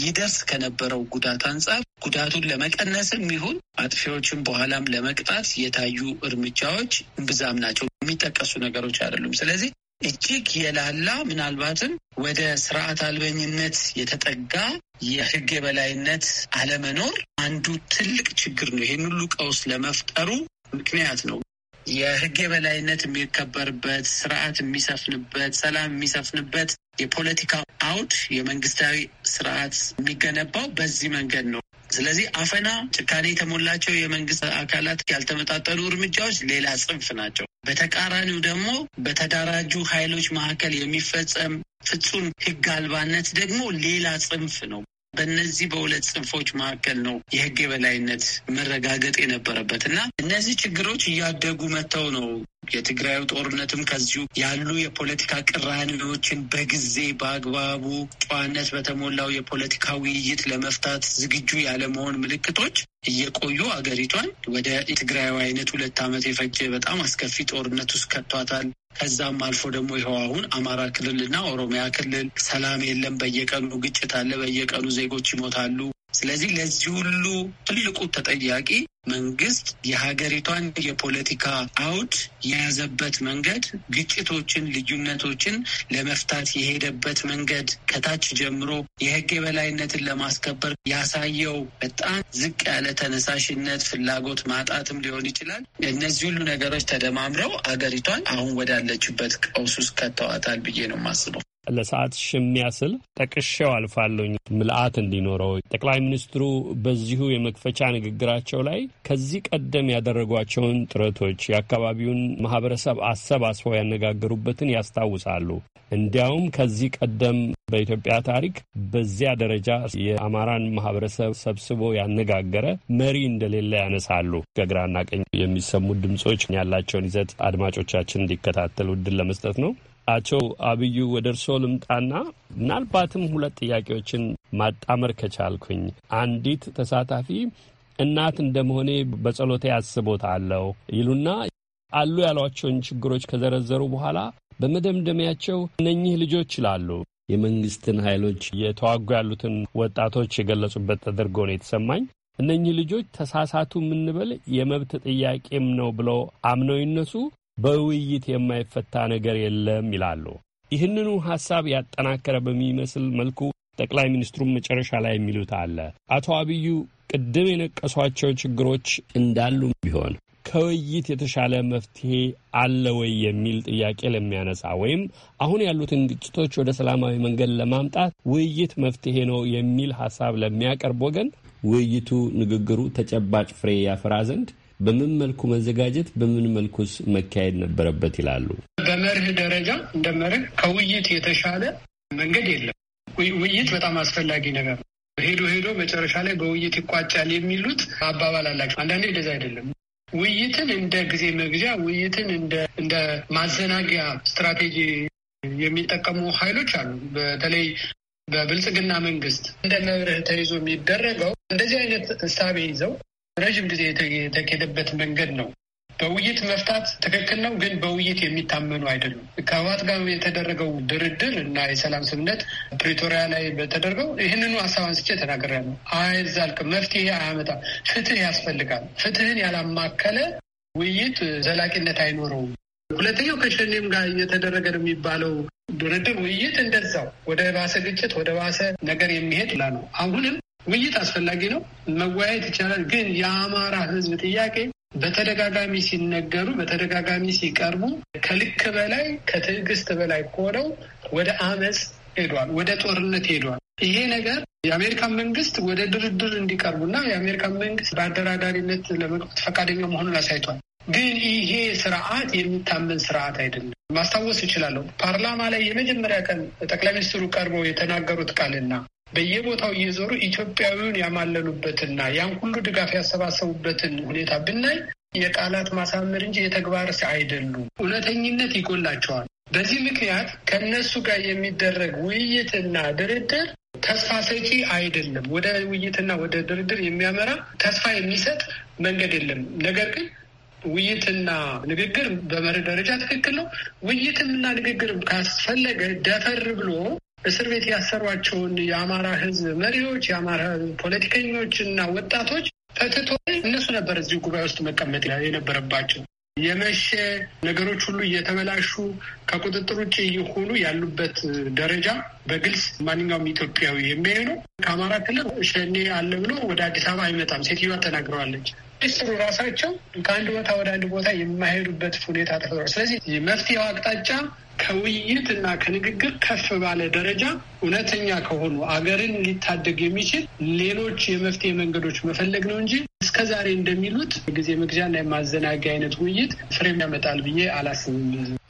ይደርስ ከነበረው ጉዳት አንጻር ጉዳቱን ለመቀነስም ይሁን አጥፊዎችን በኋላም ለመቅጣት የታዩ እርምጃዎች ብዛም ናቸው፣ የሚጠቀሱ ነገሮች አይደሉም። ስለዚህ እጅግ የላላ ምናልባትም ወደ ስርዓት አልበኝነት የተጠጋ የህግ የበላይነት አለመኖር አንዱ ትልቅ ችግር ነው። ይህን ሁሉ ቀውስ ለመፍጠሩ ምክንያት ነው። የህግ የበላይነት የሚከበርበት ስርዓት የሚሰፍንበት፣ ሰላም የሚሰፍንበት የፖለቲካ አውድ የመንግስታዊ ስርዓት የሚገነባው በዚህ መንገድ ነው። ስለዚህ አፈና፣ ጭካኔ የተሞላቸው የመንግስት አካላት ያልተመጣጠኑ እርምጃዎች ሌላ ጽንፍ ናቸው። በተቃራኒው ደግሞ በተደራጁ ኃይሎች መካከል የሚፈጸም ፍጹም ህግ አልባነት ደግሞ ሌላ ጽንፍ ነው። በእነዚህ በሁለት ጽንፎች መካከል ነው የህግ የበላይነት መረጋገጥ የነበረበት እና እነዚህ ችግሮች እያደጉ መጥተው ነው የትግራዩ ጦርነትም ከዚሁ ያሉ የፖለቲካ ቅራኔዎችን በጊዜ በአግባቡ ጨዋነት በተሞላው የፖለቲካ ውይይት ለመፍታት ዝግጁ ያለመሆን ምልክቶች እየቆዩ አገሪቷን ወደ ትግራዩ አይነት ሁለት ዓመት የፈጀ በጣም አስከፊ ጦርነት ውስጥ ከቷታል። ከዛም አልፎ ደግሞ ይኸው አሁን አማራ ክልልና ኦሮሚያ ክልል ሰላም የለም፣ በየቀኑ ግጭት አለ፣ በየቀኑ ዜጎች ይሞታሉ። ስለዚህ ለዚህ ሁሉ ትልቁ ተጠያቂ መንግስት የሀገሪቷን የፖለቲካ አውድ የያዘበት መንገድ፣ ግጭቶችን፣ ልዩነቶችን ለመፍታት የሄደበት መንገድ ከታች ጀምሮ የህግ የበላይነትን ለማስከበር ያሳየው በጣም ዝቅ ያለ ተነሳሽነት፣ ፍላጎት ማጣትም ሊሆን ይችላል። እነዚህ ሁሉ ነገሮች ተደማምረው ሀገሪቷን አሁን ወዳለችበት ቀውስ ውስጥ ከተዋታል ብዬ ነው የማስበው። ለሰዓት ሽሚያ ስል ጠቅሼው አልፋለኝ ምልአት እንዲኖረው ጠቅላይ ሚኒስትሩ በዚሁ የመክፈቻ ንግግራቸው ላይ ከዚህ ቀደም ያደረጓቸውን ጥረቶች የአካባቢውን ማህበረሰብ አሰባስበው ያነጋገሩበትን ያስታውሳሉ። እንዲያውም ከዚህ ቀደም በኢትዮጵያ ታሪክ በዚያ ደረጃ የአማራን ማህበረሰብ ሰብስቦ ያነጋገረ መሪ እንደሌለ ያነሳሉ። ከግራና ቀኝ የሚሰሙ ድምጾች ያላቸውን ይዘት አድማጮቻችን እንዲከታተሉ እድል ለመስጠት ነው። አቶ አብዩ ወደ እርስዎ ልምጣና ምናልባትም ሁለት ጥያቄዎችን ማጣመር ከቻልኩኝ አንዲት ተሳታፊ እናት እንደመሆኔ በጸሎቴ አስቦታለሁ ይሉና አሉ ያሏቸውን ችግሮች ከዘረዘሩ በኋላ በመደምደሚያቸው እነኚህ ልጆች ይላሉ የመንግስትን ኃይሎች እየተዋጉ ያሉትን ወጣቶች የገለጹበት ተደርጎ ነው የተሰማኝ። እነኚህ ልጆች ተሳሳቱ የምንበል የመብት ጥያቄም ነው ብለው አምነው ይነሱ በውይይት የማይፈታ ነገር የለም ይላሉ። ይህንኑ ሐሳብ ያጠናከረ በሚመስል መልኩ ጠቅላይ ሚኒስትሩም መጨረሻ ላይ የሚሉት አለ። አቶ አብዩ ቅድም የነቀሷቸው ችግሮች እንዳሉ ቢሆን ከውይይት የተሻለ መፍትሄ አለ ወይ የሚል ጥያቄ ለሚያነሳ ወይም አሁን ያሉትን ግጭቶች ወደ ሰላማዊ መንገድ ለማምጣት ውይይት መፍትሄ ነው የሚል ሐሳብ ለሚያቀርብ ወገን ውይይቱ፣ ንግግሩ ተጨባጭ ፍሬ ያፈራ ዘንድ በምን መልኩ መዘጋጀት፣ በምን መልኩስ መካሄድ ነበረበት ይላሉ። በመርህ ደረጃ እንደ መርህ ከውይይት የተሻለ መንገድ የለም። ውይይት በጣም አስፈላጊ ነገር ነው። ሄዶ ሄዶ መጨረሻ ላይ በውይይት ይቋጫል የሚሉት አባባል አላቸው። አንዳንዴ እንደዛ አይደለም። ውይይትን እንደ ጊዜ መግዣ፣ ውይይትን እንደ ማዘናጊያ ስትራቴጂ የሚጠቀሙ ኃይሎች አሉ። በተለይ በብልጽግና መንግስት እንደ መርህ ተይዞ የሚደረገው እንደዚህ አይነት እሳቤ ይዘው ረዥም ጊዜ የተኬደበት መንገድ ነው። በውይይት መፍታት ትክክል ነው፣ ግን በውይይት የሚታመኑ አይደሉም። ከህወሓት ጋር የተደረገው ድርድር እና የሰላም ስምነት ፕሪቶሪያ ላይ በተደረገው ይህንኑ ሀሳብ አንስቼ ነው። አይዛልቅም፣ መፍትሄ አያመጣም። ፍትህ ያስፈልጋል። ፍትህን ያላማከለ ውይይት ዘላቂነት አይኖረውም። ሁለተኛው ከሸኔም ጋር እየተደረገ ነው የሚባለው ድርድር ውይይት እንደዛው ወደ ባሰ ግጭት ወደ ባሰ ነገር የሚሄድ ላ ነው አሁንም ውይይት አስፈላጊ ነው፣ መወያየት ይቻላል። ግን የአማራ ህዝብ ጥያቄ በተደጋጋሚ ሲነገሩ በተደጋጋሚ ሲቀርቡ ከልክ በላይ ከትዕግስት በላይ ሆነው ወደ አመፅ ሄዷል፣ ወደ ጦርነት ሄዷል። ይሄ ነገር የአሜሪካን መንግስት ወደ ድርድር እንዲቀርቡና የአሜሪካን መንግስት በአደራዳሪነት ለመግባት ፈቃደኛ መሆኑን አሳይቷል። ግን ይሄ ስርዓት የሚታመን ስርዓት አይደለም። ማስታወስ እችላለሁ ፓርላማ ላይ የመጀመሪያ ቀን ጠቅላይ ሚኒስትሩ ቀርበው የተናገሩት ቃልና በየቦታው እየዞሩ ኢትዮጵያዊውን ያማለሉበትና ያን ሁሉ ድጋፍ ያሰባሰቡበትን ሁኔታ ብናይ የቃላት ማሳመር እንጂ የተግባር አይደሉም። እውነተኝነት ይጎላቸዋል። በዚህ ምክንያት ከእነሱ ጋር የሚደረግ ውይይትና ድርድር ተስፋ ሰጪ አይደለም። ወደ ውይይትና ወደ ድርድር የሚያመራ ተስፋ የሚሰጥ መንገድ የለም። ነገር ግን ውይይትና ንግግር በመርህ ደረጃ ትክክል ነው። ውይይትምና ንግግርም ካስፈለገ ደፈር ብሎ እስር ቤት ያሰሯቸውን የአማራ ህዝብ መሪዎች፣ የአማራ ፖለቲከኞች እና ወጣቶች ፈትቶ እነሱ ነበር እዚሁ ጉባኤ ውስጥ መቀመጥ የነበረባቸው። የመሸ ነገሮች ሁሉ እየተበላሹ ከቁጥጥር ውጭ እየሆኑ ያሉበት ደረጃ በግልጽ ማንኛውም ኢትዮጵያዊ የሚያዩ ነው። ከአማራ ክልል ሸኔ አለ ብሎ ወደ አዲስ አበባ አይመጣም። ሴትዮዋ ተናግረዋለች። ሚኒስትሩ ራሳቸው ከአንድ ቦታ ወደ አንድ ቦታ የማይሄዱበት ሁኔታ ተፈጥሯል። ስለዚህ መፍትሄው አቅጣጫ ከውይይት እና ከንግግር ከፍ ባለ ደረጃ እውነተኛ ከሆኑ አገርን ሊታደግ የሚችል ሌሎች የመፍትሄ መንገዶች መፈለግ ነው እንጂ እስከ ዛሬ እንደሚሉት ጊዜ መግዣና የማዘናጊያ አይነት ውይይት ፍሬ ያመጣል ብዬ አላስብም።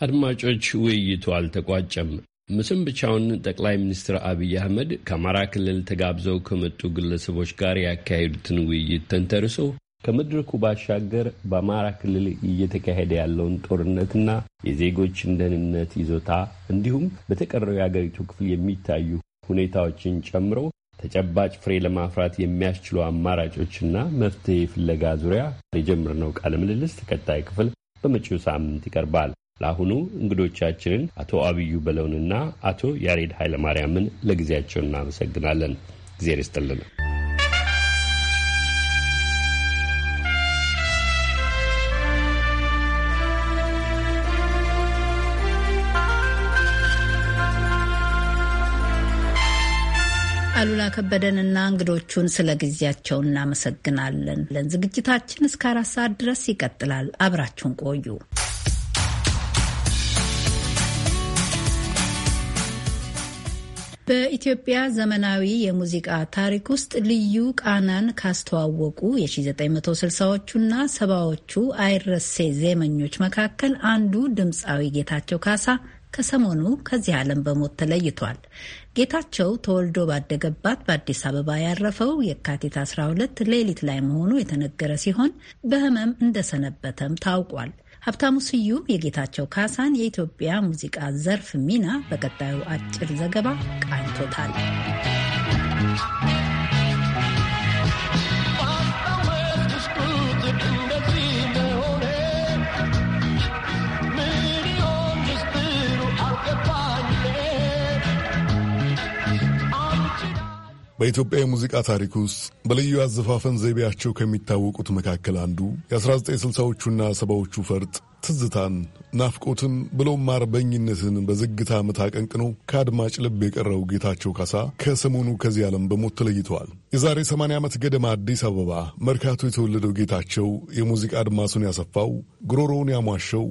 አድማጮች፣ ውይይቱ አልተቋጨም። ምስም ብቻውን ጠቅላይ ሚኒስትር አብይ አህመድ ከአማራ ክልል ተጋብዘው ከመጡ ግለሰቦች ጋር ያካሄዱትን ውይይት ተንተርሶ ከመድረኩ ባሻገር በአማራ ክልል እየተካሄደ ያለውን ጦርነትና የዜጎችን ደህንነት ይዞታ እንዲሁም በተቀረው የአገሪቱ ክፍል የሚታዩ ሁኔታዎችን ጨምሮ ተጨባጭ ፍሬ ለማፍራት የሚያስችሉ አማራጮችና መፍትሄ ፍለጋ ዙሪያ የጀመርነው ቃለ ምልልስ ተከታይ ክፍል በመጪው ሳምንት ይቀርባል። ለአሁኑ እንግዶቻችንን አቶ አብዩ በለውንና አቶ ያሬድ ኃይለማርያምን ለጊዜያቸው እናመሰግናለን። እግዜር ይስጥልን። አሉላ ከበደንና እንግዶቹን ስለ ጊዜያቸው እናመሰግናለን። ዝግጅታችን እስከ አራት ሰዓት ድረስ ይቀጥላል። አብራችሁን ቆዩ። በኢትዮጵያ ዘመናዊ የሙዚቃ ታሪክ ውስጥ ልዩ ቃናን ካስተዋወቁ የ1960ዎቹና ሰባዎቹ አይረሴ ዜመኞች መካከል አንዱ ድምፃዊ ጌታቸው ካሳ ከሰሞኑ ከዚህ ዓለም በሞት ተለይቷል። ጌታቸው ተወልዶ ባደገባት በአዲስ አበባ ያረፈው የካቲት 12 ሌሊት ላይ መሆኑ የተነገረ ሲሆን በህመም እንደሰነበተም ታውቋል። ሀብታሙ ስዩም የጌታቸው ካሳን የኢትዮጵያ ሙዚቃ ዘርፍ ሚና በቀጣዩ አጭር ዘገባ ቃኝቶታል። በኢትዮጵያ የሙዚቃ ታሪክ ውስጥ በልዩ አዘፋፈን ዘይቤያቸው ከሚታወቁት መካከል አንዱ የ1960ዎቹና ሰባዎቹ ፈርጥ ትዝታን፣ ናፍቆትን ብሎም አርበኝነትን በዝግታ ምት አቀንቅኖ ከአድማጭ ልብ የቀረው ጌታቸው ካሳ ከሰሞኑ ከዚህ ዓለም በሞት ተለይተዋል። የዛሬ 80 ዓመት ገደማ አዲስ አበባ መርካቶ የተወለደው ጌታቸው የሙዚቃ አድማሱን ያሰፋው፣ ጉሮሮውን ያሟሸው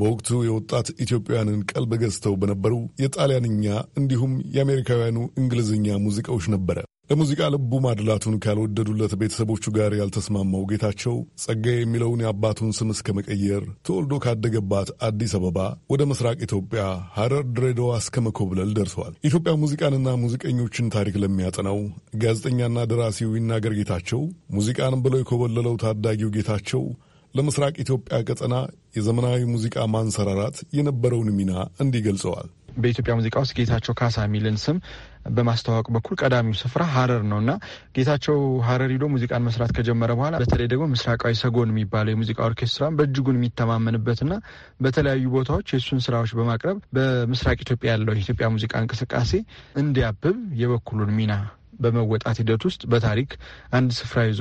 በወቅቱ የወጣት ኢትዮጵያውያንን ቀልብ ገዝተው በነበሩ የጣሊያንኛ እንዲሁም የአሜሪካውያኑ እንግሊዝኛ ሙዚቃዎች ነበረ። ለሙዚቃ ልቡ ማድላቱን ካልወደዱለት ቤተሰቦቹ ጋር ያልተስማማው ጌታቸው ጸጋ የሚለውን የአባቱን ስም እስከ መቀየር ተወልዶ ካደገባት አዲስ አበባ ወደ ምስራቅ ኢትዮጵያ ሐረር፣ ድሬዳዋ እስከ መኮብለል ደርሰዋል። ኢትዮጵያ ሙዚቃንና ሙዚቀኞችን ታሪክ ለሚያጠናው ጋዜጠኛና ደራሲው ይናገር ጌታቸው ሙዚቃን ብሎ የኮበለለው ታዳጊው ጌታቸው ለምስራቅ ኢትዮጵያ ቀጠና የዘመናዊ ሙዚቃ ማንሰራራት የነበረውን ሚና እንዲህ ገልጸዋል። በኢትዮጵያ ሙዚቃ ውስጥ ጌታቸው ካሳ የሚልን ስም በማስተዋወቅ በኩል ቀዳሚው ስፍራ ሀረር ነው እና ጌታቸው ሀረር ሂዶ ሙዚቃን መስራት ከጀመረ በኋላ በተለይ ደግሞ ምስራቃዊ ሰጎን የሚባለው የሙዚቃ ኦርኬስትራን በእጅጉን እና በተለያዩ ቦታዎች የእሱን ስራዎች በማቅረብ በምስራቅ ኢትዮጵያ ያለው የኢትዮጵያ ሙዚቃ እንቅስቃሴ እንዲያብብ የበኩሉን ሚና በመወጣት ሂደት ውስጥ በታሪክ አንድ ስፍራ ይዞ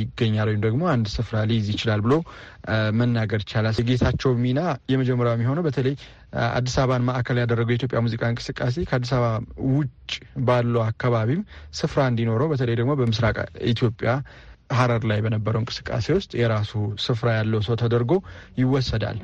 ይገኛል ወይም ደግሞ አንድ ስፍራ ሊይዝ ይችላል ብሎ መናገር ይቻላል። የጌታቸው ሚና የመጀመሪያው የሚሆነው በተለይ አዲስ አበባን ማዕከል ያደረገው የኢትዮጵያ ሙዚቃ እንቅስቃሴ ከአዲስ አበባ ውጭ ባለው አካባቢም ስፍራ እንዲኖረው በተለይ ደግሞ በምስራቅ ኢትዮጵያ ሀረር ላይ በነበረው እንቅስቃሴ ውስጥ የራሱ ስፍራ ያለው ሰው ተደርጎ ይወሰዳል።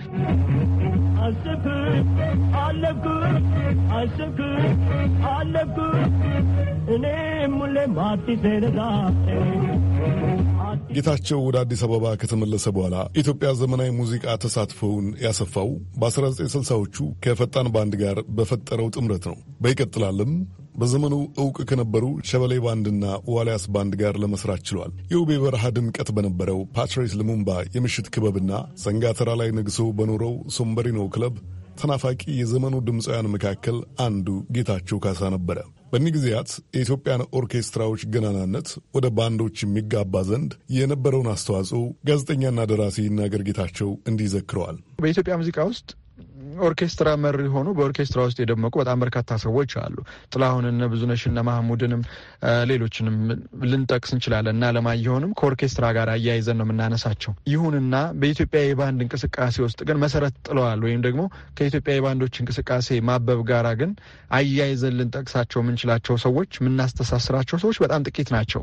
ጌታቸው ወደ አዲስ አበባ ከተመለሰ በኋላ ኢትዮጵያ ዘመናዊ ሙዚቃ ተሳትፎውን ያሰፋው በ1960ዎቹ ከፈጣን ባንድ ጋር በፈጠረው ጥምረት ነው። በይቀጥላልም በዘመኑ እውቅ ከነበሩ ሸበሌ ባንድና ዋልያስ ባንድ ጋር ለመስራት ችሏል። የውቤ በረሃ ድምቀት በነበረው ፓትሪስ ልሙምባ የምሽት ክበብና ሰንጋተራ ላይ ነግሶ በኖረው ሶምበሪኖ ክለብ ተናፋቂ የዘመኑ ድምፃውያን መካከል አንዱ ጌታቸው ካሳ ነበረ። በእኒህ ጊዜያት የኢትዮጵያን ኦርኬስትራዎች ገናናነት ወደ ባንዶች የሚጋባ ዘንድ የነበረውን አስተዋጽኦ ጋዜጠኛና ደራሲ ይናገር ጌታቸው እንዲህ በኢትዮጵያ ሙዚቃ ውስጥ ኦርኬስትራ መሪ ሆኑ በኦርኬስትራ ውስጥ የደመቁ በጣም በርካታ ሰዎች አሉ። ጥላሁን እነ ማህሙድንም ሌሎችንም ልንጠቅስ እንችላለን እና አለማየሁንም ከኦርኬስትራ ጋር አያይዘን ነው የምናነሳቸው። ይሁንና በኢትዮጵያ የባንድ እንቅስቃሴ ውስጥ ግን መሰረት ጥለዋል ወይም ደግሞ ከኢትዮጵያ የባንዶች እንቅስቃሴ ማበብ ጋር ግን አያይዘን ልንጠቅሳቸው የምንችላቸው ሰዎች የምናስተሳስራቸው ሰዎች በጣም ጥቂት ናቸው።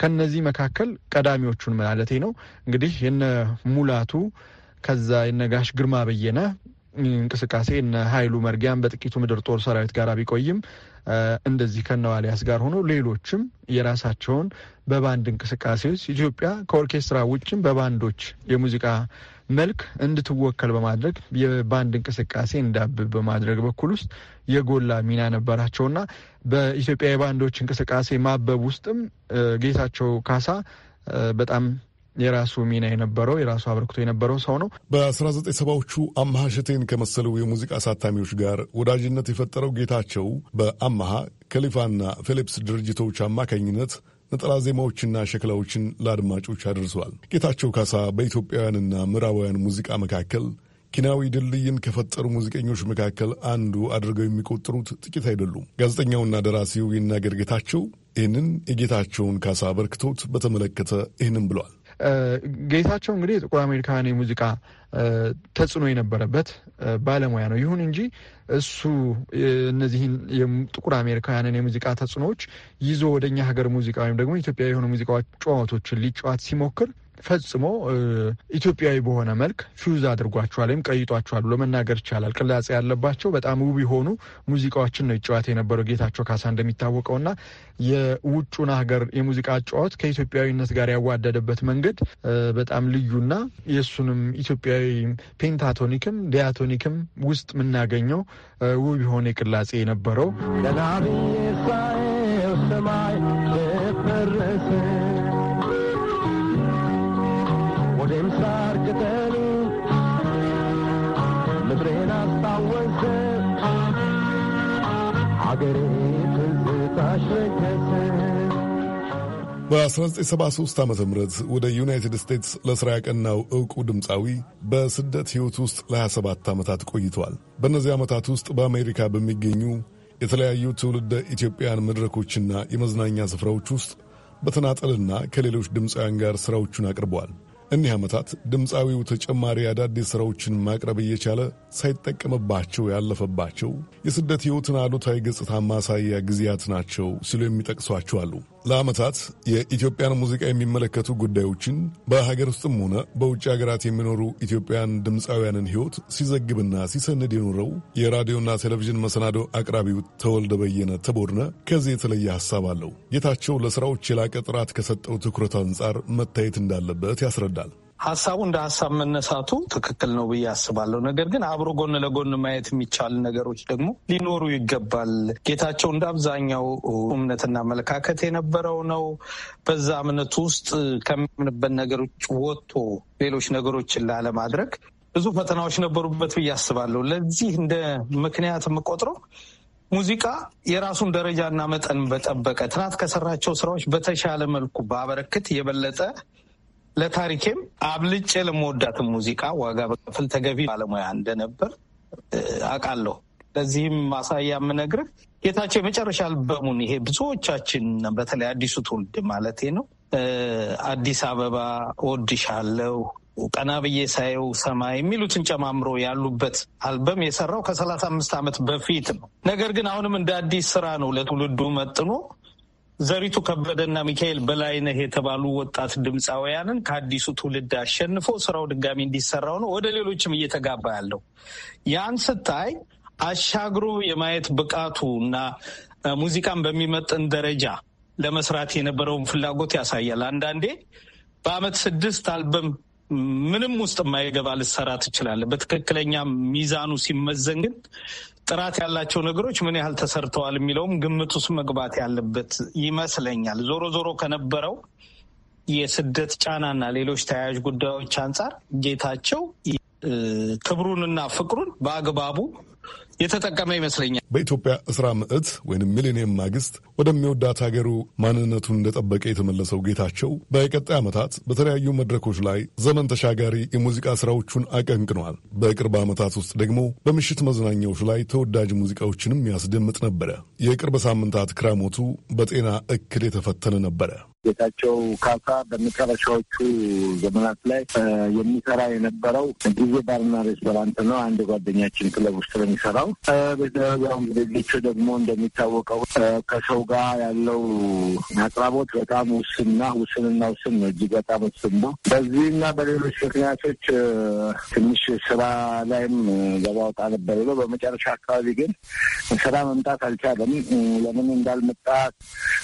ከነዚህ መካከል ቀዳሚዎቹን ማለቴ ነው እንግዲህ የነ ሙላቱ ከዛ የነጋሽ ግርማ በየነ እንቅስቃሴ እነ ሀይሉ መርጊያን በጥቂቱ ምድር ጦር ሰራዊት ጋር ቢቆይም እንደዚህ ከነዋሊያስ ጋር ሆኖ ሌሎችም የራሳቸውን በባንድ እንቅስቃሴዎች ኢትዮጵያ ከኦርኬስትራ ውጭም በባንዶች የሙዚቃ መልክ እንድትወከል በማድረግ የባንድ እንቅስቃሴ እንዳብብ በማድረግ በኩል ውስጥ የጎላ ሚና ነበራቸውና በኢትዮጵያ የባንዶች እንቅስቃሴ ማበብ ውስጥም ጌታቸው ካሳ በጣም የራሱ ሚና የነበረው የራሱ አበርክቶ የነበረው ሰው ነው። በ1970ዎቹ አምሃ ሸቴን ከመሰሉ የሙዚቃ አሳታሚዎች ጋር ወዳጅነት የፈጠረው ጌታቸው በአምሃ ከሊፋና ፊሊፕስ ድርጅቶች አማካኝነት ነጠላ ዜማዎችና ሸክላዎችን ለአድማጮች አድርሰዋል። ጌታቸው ካሳ በኢትዮጵያውያንና ምዕራባውያን ሙዚቃ መካከል ኪናዊ ድልድይን ከፈጠሩ ሙዚቀኞች መካከል አንዱ አድርገው የሚቆጥሩት ጥቂት አይደሉም። ጋዜጠኛውና ደራሲው ይናገር ጌታቸው ይህንን የጌታቸውን ካሳ አበርክቶት በተመለከተ ይህንም ብለዋል። ጌታቸው እንግዲህ የጥቁር አሜሪካውያን የሙዚቃ ተጽዕኖ የነበረበት ባለሙያ ነው። ይሁን እንጂ እሱ እነዚህን ጥቁር አሜሪካውያንን የሙዚቃ ተጽዕኖዎች ይዞ ወደኛ ሀገር ሙዚቃ ወይም ደግሞ ኢትዮጵያ የሆኑ ሙዚቃዎች ጨዋቶችን ሊጫዋት ሲሞክር ፈጽሞ ኢትዮጵያዊ በሆነ መልክ ፊውዝ አድርጓቸዋል ወይም ቀይጧቸዋል ብሎ መናገር ይቻላል። ቅላጼ ያለባቸው በጣም ውብ የሆኑ ሙዚቃዎችን ነው ይጫወት የነበረው ጌታቸው ካሳ እንደሚታወቀውና የውጩን ሀገር የሙዚቃ አጫዋት ከኢትዮጵያዊነት ጋር ያዋደደበት መንገድ በጣም ልዩና የእሱንም ኢትዮጵያዊ ፔንታቶኒክም ዲያቶኒክም ውስጥ የምናገኘው ውብ የሆነ ቅላጼ የነበረው በ1973 ዓ ም ወደ ዩናይትድ ስቴትስ ለሥራ ያቀናው ዕውቁ ድምፃዊ በስደት ሕይወት ውስጥ ለ27 ዓመታት ቆይቷል። በእነዚህ ዓመታት ውስጥ በአሜሪካ በሚገኙ የተለያዩ ትውልደ ኢትዮጵያን መድረኮችና የመዝናኛ ስፍራዎች ውስጥ በተናጠልና ከሌሎች ድምፃውያን ጋር ሥራዎቹን አቅርበዋል። እኒህ ዓመታት ድምፃዊው ተጨማሪ አዳዲስ ሥራዎችን ማቅረብ እየቻለ ሳይጠቀምባቸው ያለፈባቸው የስደት ሕይወትን አሉታዊ ገጽታ ማሳያ ጊዜያት ናቸው ሲሉ የሚጠቅሷቸው አሉ። ለዓመታት የኢትዮጵያን ሙዚቃ የሚመለከቱ ጉዳዮችን በሀገር ውስጥም ሆነ በውጭ ሀገራት የሚኖሩ ኢትዮጵያን ድምፃውያንን ሕይወት ሲዘግብና ሲሰንድ የኖረው የራዲዮና ቴሌቪዥን መሰናዶ አቅራቢው ተወልደ በየነ ተቦድነ ከዚህ የተለየ ሐሳብ አለው። ጌታቸው ለሥራዎች የላቀ ጥራት ከሰጠው ትኩረት አንጻር መታየት እንዳለበት ያስረዳል። ሀሳቡ እንደ ሀሳብ መነሳቱ ትክክል ነው ብዬ አስባለሁ። ነገር ግን አብሮ ጎን ለጎን ማየት የሚቻል ነገሮች ደግሞ ሊኖሩ ይገባል። ጌታቸው እንደ አብዛኛው እምነትና አመለካከት የነበረው ነው። በዛ እምነቱ ውስጥ ከሚያምንበት ነገሮች ወጥቶ ሌሎች ነገሮችን ላለማድረግ ብዙ ፈተናዎች ነበሩበት ብዬ አስባለሁ። ለዚህ እንደ ምክንያት የምቆጥረው ሙዚቃ የራሱን ደረጃና መጠን በጠበቀ ትናንት ከሰራቸው ስራዎች በተሻለ መልኩ ባበረክት የበለጠ ለታሪኬም አብልጬ ለመወዳት ሙዚቃ ዋጋ በከፍል ተገቢ ባለሙያ እንደነበር አውቃለሁ። ለዚህም ማሳያ የምነግርህ ጌታቸው የመጨረሻ አልበሙን ይሄ ብዙዎቻችን በተለይ አዲሱ ትውልድ ማለቴ ነው አዲስ አበባ እወድሻለሁ ቀና ብዬ ሳየው ሰማይ የሚሉትን ጨማምሮ ያሉበት አልበም የሰራው ከሰላሳ አምስት ዓመት በፊት ነው። ነገር ግን አሁንም እንደ አዲስ ስራ ነው ለትውልዱ መጥኖ ዘሪቱ ከበደና ሚካኤል በላይነህ የተባሉ ወጣት ድምፃውያንን ከአዲሱ ትውልድ አሸንፎ ስራው ድጋሚ እንዲሰራው ነው ወደ ሌሎችም እየተጋባ ያለው። ያን ስታይ አሻግሮ የማየት ብቃቱ እና ሙዚቃን በሚመጥን ደረጃ ለመስራት የነበረውን ፍላጎት ያሳያል። አንዳንዴ በአመት ስድስት አልበም ምንም ውስጥ የማይገባ ልሰራ ትችላለህ። በትክክለኛ ሚዛኑ ሲመዘን ግን ጥራት ያላቸው ነገሮች ምን ያህል ተሰርተዋል የሚለውም ግምት ውስጥ መግባት ያለበት ይመስለኛል። ዞሮ ዞሮ ከነበረው የስደት ጫናና ሌሎች ተያያዥ ጉዳዮች አንጻር ጌታቸው ክብሩንና ፍቅሩን በአግባቡ የተጠቀመ ይመስለኛል። በኢትዮጵያ እስራ ምዕት ወይም ሚሊኒየም ማግስት ወደሚወዳት ሀገሩ ማንነቱን እንደጠበቀ የተመለሰው ጌታቸው በቀጣይ ዓመታት በተለያዩ መድረኮች ላይ ዘመን ተሻጋሪ የሙዚቃ ስራዎቹን አቀንቅኗል። በቅርብ ዓመታት ውስጥ ደግሞ በምሽት መዝናኛዎች ላይ ተወዳጅ ሙዚቃዎችንም ያስደምጥ ነበረ። የቅርብ ሳምንታት ክራሞቱ በጤና እክል የተፈተነ ነበረ። ጌታቸው ካሳ በመጨረሻዎቹ ዘመናት ላይ የሚሰራ የነበረው ጊዜ ባርና ሬስቶራንት ነው። አንድ ጓደኛችን ክለብ ውስጥ ነው የሚሰራው። ደግሞ እንደሚታወቀው ከሰው ጋር ያለው አቅራቦት በጣም ውስንና ውስንና ውስን ነው፣ እጅግ በጣም ውስን ነው። እና በሌሎች ምክንያቶች ትንሽ ስራ ላይም ገባ ወጣ ነበር ብሎ በመጨረሻ አካባቢ ግን ስራ መምጣት አልቻለም። ለምን እንዳልመጣ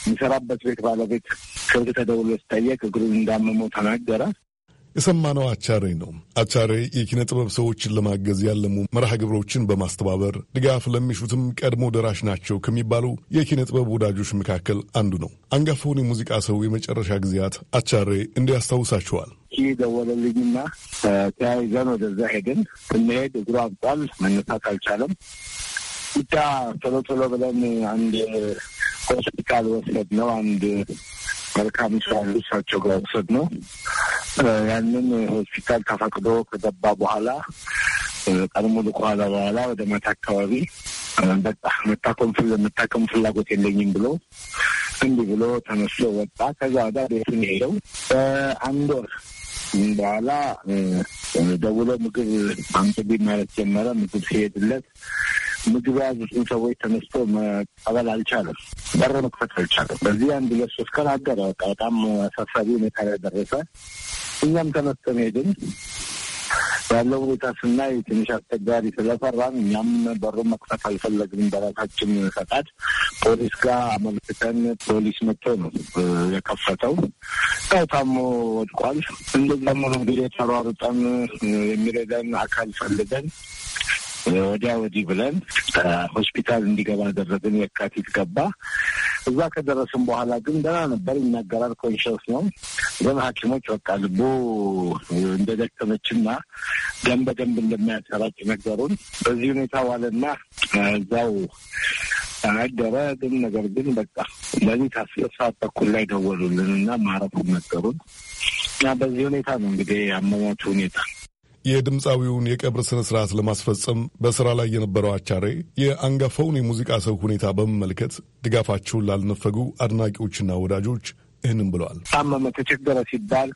የሚሰራበት ቤት ባለቤት ከብት ተደውሎ ሲጠየቅ እግሩን እንዳመመው ተናገረ። የሰማነው አቻሬ ነው። አቻሬ የኪነ ጥበብ ሰዎችን ለማገዝ ያለሙ መርሃ ግብሮችን በማስተባበር ድጋፍ ለሚሹትም ቀድሞ ደራሽ ናቸው ከሚባሉ የኪነ ጥበብ ወዳጆች መካከል አንዱ ነው። አንጋፋውን የሙዚቃ ሰው የመጨረሻ ጊዜያት አቻሬ እንዲያስታውሳቸዋል። ደወለልኝና ተያይዘን ወደዛ ሄድን። ስንሄድ እግሩ አብጧል፣ መነሳት አልቻለም። ብቻ ቶሎ ቶሎ ብለን አንድ ሆስፒታል ወሰድ ነው አንድ መልካም ስራውን እሳቸው ጋር ወሰድ ነው። ያንን ሆስፒታል ተፈቅዶ ከገባ በኋላ ቀድሞ ልኳላ በኋላ ወደ ማታ አካባቢ በቃ መታከም ፍላጎት የለኝም ብሎ እንዲህ ብሎ ተነስቶ ወጣ። ከዛ ወዳ ቤቱን ሄደው አንድ ወር በኋላ ደውሎ ምግብ አምጥልኝ ማለት ጀመረ። ምግብ ሲሄድለት ምግብ ያዙትን ሰዎች ተነስቶ መቀበል አልቻለም። በር መክፈት አልቻለም። በዚህ አንድ ሁለት ሶስት ቀን አገረ በቃ በጣም አሳሳቢ ሁኔታ ላይ ደረሰ። እኛም ተነስተን ሄድን። ያለው ሁኔታ ስናይ ትንሽ አስቸጋሪ ስለፈራን እኛም በሩን መክፈት አልፈለግም። በራሳችን ፈቃድ ፖሊስ ጋር አመልክተን ፖሊስ መጥቶ ነው የከፈተው። ያው ታሞ ወድቋል። እንደዚያ ሙሉ እንግዲህ ተሯሩጠን የሚረዳን አካል ፈልገን ወዲያ ወዲህ ብለን ሆስፒታል እንዲገባ አደረግን። የካቲት ገባ። እዛ ከደረስን በኋላ ግን ደህና ነበር፣ ይናገራል፣ ኮንሽንስ ነው። ግን ሐኪሞች በቃ ልቡ እንደደከመችና ደም በደንብ እንደማያሰራጭ ነገሩን። በዚህ ሁኔታ ዋለና እዛው አደረ። ግን ነገር ግን በቃ ለዚህ አስር ሰዓት ተኩል ላይ ደወሉልን እና ማረፉን ነገሩን እና በዚህ ሁኔታ ነው እንግዲህ አመሞቹ ሁኔታ የድምፃዊውን የቀብር ስነ ስርዓት ለማስፈጸም በስራ ላይ የነበረው አቻሬ የአንጋፋውን የሙዚቃ ሰው ሁኔታ በመመልከት ድጋፋችሁን ላልነፈጉ አድናቂዎችና ወዳጆች ይህንም ብለዋል። ታመመ፣ ተቸገረ ሲባል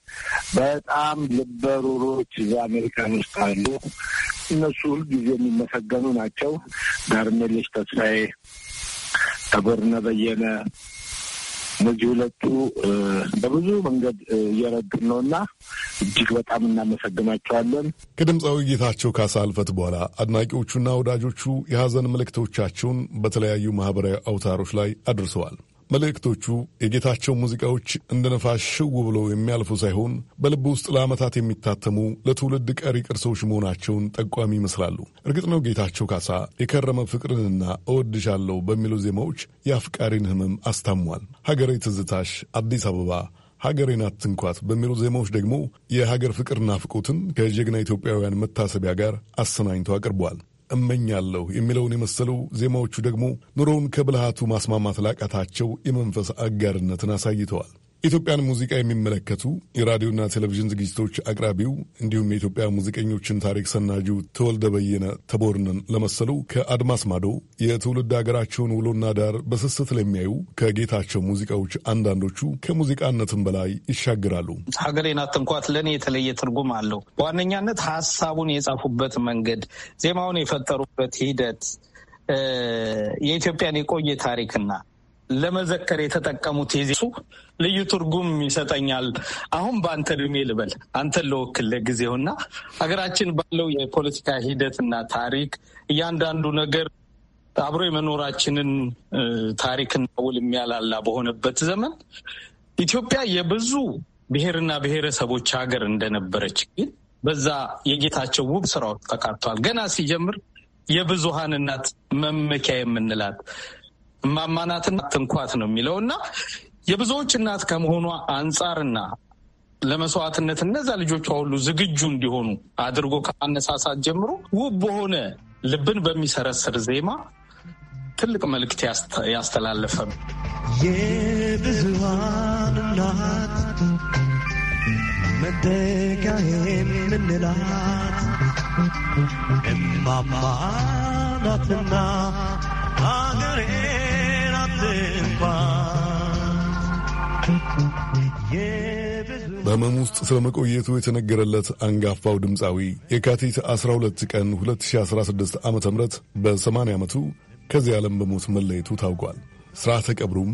በጣም ልበሩሮች እዛ አሜሪካን ውስጥ አሉ። እነሱ ሁልጊዜ የሚመሰገኑ ናቸው። ዳርሜሌሽ ተስፋዬ፣ ተጎርነ በየነ እነዚህ ሁለቱ በብዙ መንገድ እየረዱን ነው እና እጅግ በጣም እናመሰግናቸዋለን። ከድምፃዊ ጌታቸው ካሳ ህልፈት በኋላ አድናቂዎቹና ወዳጆቹ የሀዘን መልእክቶቻቸውን በተለያዩ ማህበራዊ አውታሮች ላይ አድርሰዋል። መልእክቶቹ የጌታቸው ሙዚቃዎች እንደ ነፋስ ሽው ብለው የሚያልፉ ሳይሆን በልብ ውስጥ ለዓመታት የሚታተሙ ለትውልድ ቀሪ ቅርሶች መሆናቸውን ጠቋሚ ይመስላሉ። እርግጥ ነው ጌታቸው ካሳ የከረመ ፍቅርንና እወድሻለሁ በሚሉ ዜማዎች የአፍቃሪን ሕመም አስታሟል። ሀገሬ ትዝታሽ፣ አዲስ አበባ ሀገሬን አትንኳት በሚሉ ዜማዎች ደግሞ የሀገር ፍቅር ናፍቆትን ከጀግና ኢትዮጵያውያን መታሰቢያ ጋር አሰናኝቶ አቅርቧል። እመኛለሁ የሚለውን የመሰሉ ዜማዎቹ ደግሞ ኑሮውን ከብልሃቱ ማስማማት ላቃታቸው የመንፈስ አጋርነትን አሳይተዋል። የኢትዮጵያን ሙዚቃ የሚመለከቱ የራዲዮና ቴሌቪዥን ዝግጅቶች አቅራቢው እንዲሁም የኢትዮጵያ ሙዚቀኞችን ታሪክ ሰናጂው ተወልደ በየነ ተቦርነን ለመሰሉ ከአድማስ ማዶ የትውልድ ሀገራቸውን ውሎና ዳር በስስት ለሚያዩ ከጌታቸው ሙዚቃዎች አንዳንዶቹ ከሙዚቃነትም በላይ ይሻግራሉ። ሀገሬን አትንኳት ለእኔ የተለየ ትርጉም አለው። በዋነኛነት ሀሳቡን የጻፉበት መንገድ፣ ዜማውን የፈጠሩበት ሂደት የኢትዮጵያን የቆየ ታሪክና ለመዘከር የተጠቀሙት የዜሱ ልዩ ትርጉም ይሰጠኛል። አሁን በአንተ እድሜ ልበል አንተ ለወክል ለጊዜውና ሀገራችን ባለው የፖለቲካ ሂደትና ታሪክ እያንዳንዱ ነገር አብሮ የመኖራችንን ታሪክና ውል የሚያላላ በሆነበት ዘመን ኢትዮጵያ የብዙ ብሔርና ብሔረሰቦች ሀገር እንደነበረች ግን በዛ የጌታቸው ውብ ስራዎች ተካተዋል። ገና ሲጀምር የብዙሃን መመኪያ የምንላት እማማናትና ትንኳት ነው የሚለው እና የብዙዎች እናት ከመሆኗ አንጻርና ለመስዋዕትነት እነዛ ልጆቿ ሁሉ ዝግጁ እንዲሆኑ አድርጎ ከአነሳሳት ጀምሮ ውብ በሆነ ልብን በሚሰረስር ዜማ ትልቅ መልእክት ያስተላለፈ የብዙሃን እናት የምንላት እማማናትና በህመም ውስጥ ስለ መቆየቱ የተነገረለት አንጋፋው ድምፃዊ የካቲት 12 ቀን 2016 ዓ ም በ80 ዓመቱ ከዚህ ዓለም በሞት መለየቱ ታውቋል። ሥርዓተ ቀብሩም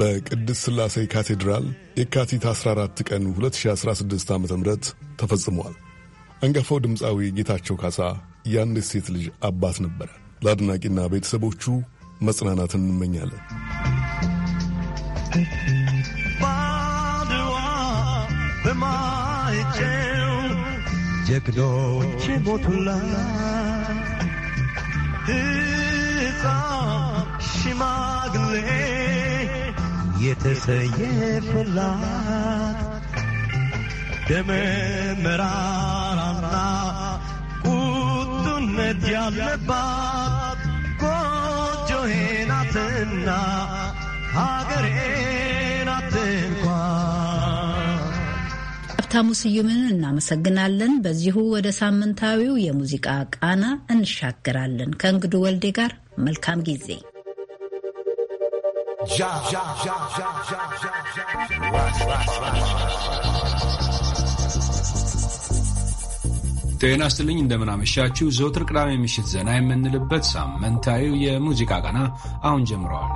በቅድስት ሥላሴ ካቴድራል የካቲት 14 ቀን 2016 ዓ ም ተፈጽሟል። አንጋፋው ድምፃዊ ጌታቸው ካሳ የአንድ ሴት ልጅ አባት ነበረ። ለአድናቂና ቤተሰቦቹ መጽናናትን እንመኛለን። ጀግዶች ሞቱላ ሕፃን ሽማግሌ የተሰየፈላት ደመ መራራና ቁጡነት ያለባት ናትና ሀብታሙ ስዩምን እናመሰግናለን። በዚሁ ወደ ሳምንታዊው የሙዚቃ ቃና እንሻገራለን። ከእንግዱ ወልዴ ጋር መልካም ጊዜ። ጤና ስትልኝ እንደምናመሻችሁ። ዘወትር ቅዳሜ ምሽት ዘና የምንልበት ሳምንታዊው የሙዚቃ ቀና አሁን ጀምረዋል።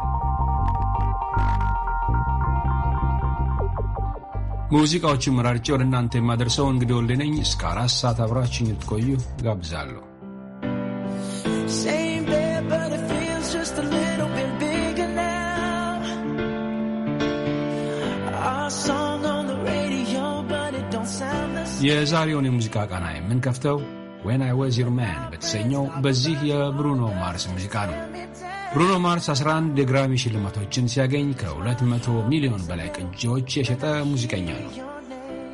ሙዚቃዎቹን መራርጬ ወደ እናንተ የማደርሰው እንግዲህ ወልዴ ነኝ። እስከ አራት ሰዓት አብራችሁኝ ልትቆዩ ጋብዛለሁ። የዛሬውን የሙዚቃ ቃና የምንከፍተው ዌን አይ ወዝ ዩር ማን በተሰኘው በዚህ የብሩኖ ማርስ ሙዚቃ ነው። ብሩኖ ማርስ 11 የግራሚ ሽልማቶችን ሲያገኝ ከ200 ሚሊዮን በላይ ቅጂዎች የሸጠ ሙዚቀኛ ነው።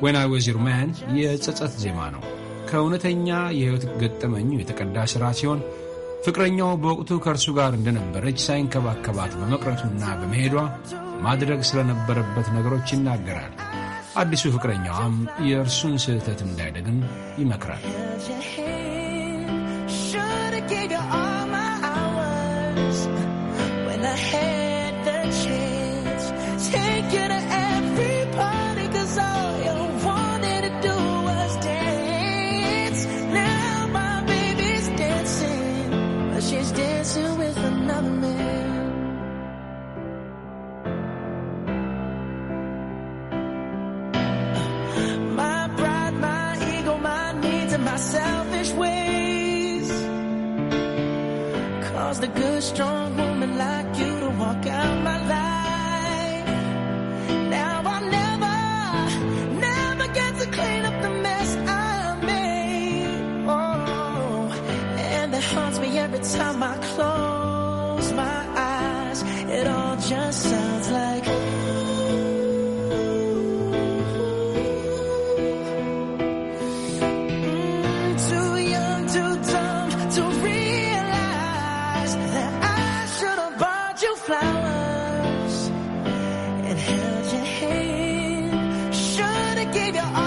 ዌን አይ ወዝ ዩር ማን የጸጸት ዜማ ነው። ከእውነተኛ የሕይወት ገጠመኙ የተቀዳ ሥራ ሲሆን ፍቅረኛው በወቅቱ ከእርሱ ጋር እንደነበረች ሳይንከባከባት በመቅረቱና በመሄዷ ማድረግ ስለነበረበት ነገሮች ይናገራል። አዲሱ ፍቅረኛዋም የእርሱን ስህተት እንዳይደግም ይመክራል። Take a good, strong woman like you to walk out my life. Now I'll never, never get to clean up the mess I made. Oh, and it haunts me every time I gave you all.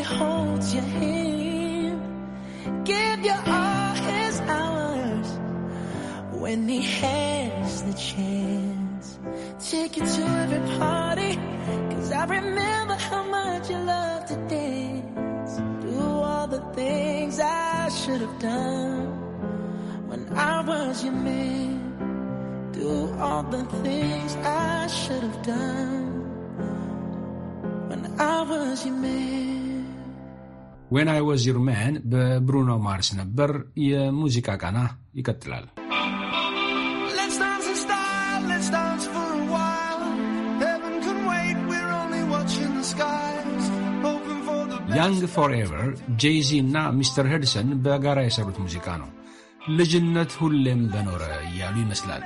He holds your hand. Give you all his hours when he has the chance. Take you to every party, cause I remember how much you loved to dance. Do all the things I should have done when I was your man. Do all the things I should have done when I was your man. ዌን አይ ወዝ ዩር ማን በብሩኖ ማርስ ነበር። የሙዚቃ ቃና ይቀጥላል። ያንግ ፎርኤቨር ጄይዚ እና ሚስተር ሄድሰን በጋራ የሰሩት ሙዚቃ ነው። ልጅነት ሁሌም በኖረ እያሉ ይመስላል።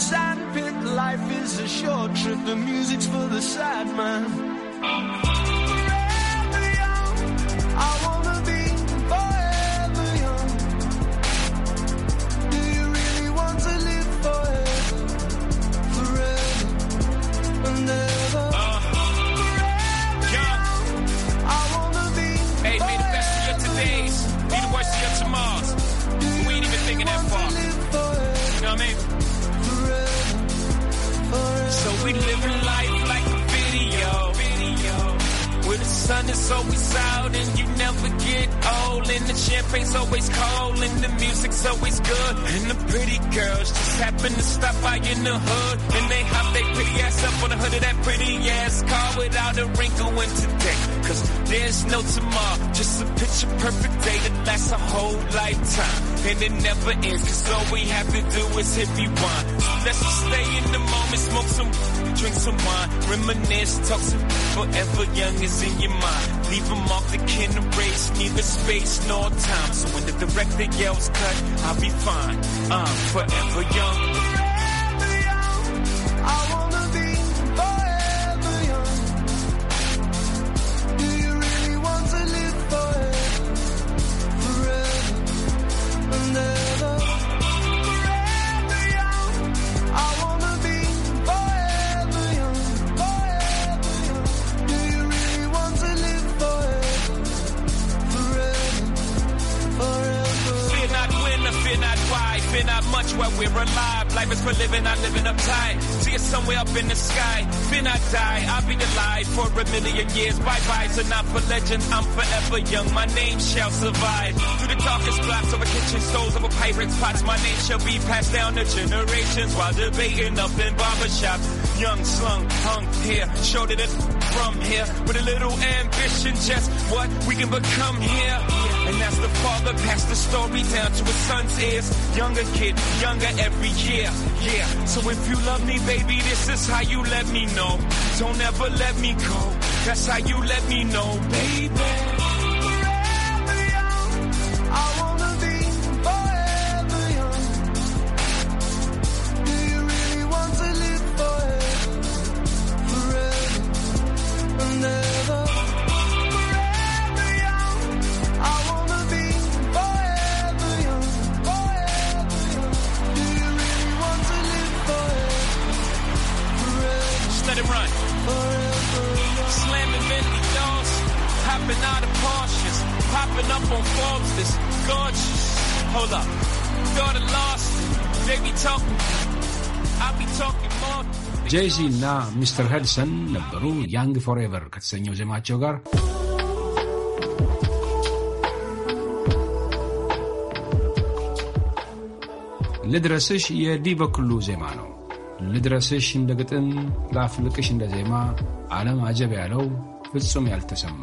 sandpit, life is a short trip, the music's for the sad man. It's always out, and you never get old. And the champagne's always cold, and the music's always good. And the pretty girls just happen to stop by in the hood, and they hop they pretty ass up on the hood of that pretty ass car without a wrinkle in today. Cause there's no tomorrow, just a picture perfect day that lasts a whole lifetime. And it never ends, cause all we have to do is hit rewind. So let's just stay in the moment, smoke some, drink some wine, reminisce, talk some forever young is in your mind. Leave a mark that can erase neither space nor time. So when the director yells cut, I'll be fine. I'm forever young. much while we're alive. Life is for living, I'm living uptight. See you somewhere up in the sky. Then I die, I'll be alive for a million years. Bye bye, so not for legend, I'm forever young. My name shall survive. Through the darkest blocks of a kitchen, stove of a pirate's pots, my name shall be passed down to generations while debating up in barbershops. Young, slung, hung here, shorter than from here. With a little ambition, just what we can become here. And as the father passed the story down to his son's ears, younger kid, younger every year. Yeah, so if you love me, baby, this is how you let me know. Don't ever let me go. That's how you let me know, baby. from Forbes this gorgeous. Hold up. Daughter last, They be talking. I be talking more. ጄይዚ እና ሚስተር ሄድሰን ነበሩ ያንግ ፎርኤቨር ከተሰኘው ዜማቸው ጋር ልድረስሽ የዲ በኩሉ ዜማ ነው። ልድረስሽ እንደ ግጥም ላፍልቅሽ እንደ ዜማ ዓለም አጀብ ያለው ፍጹም ያልተሰማ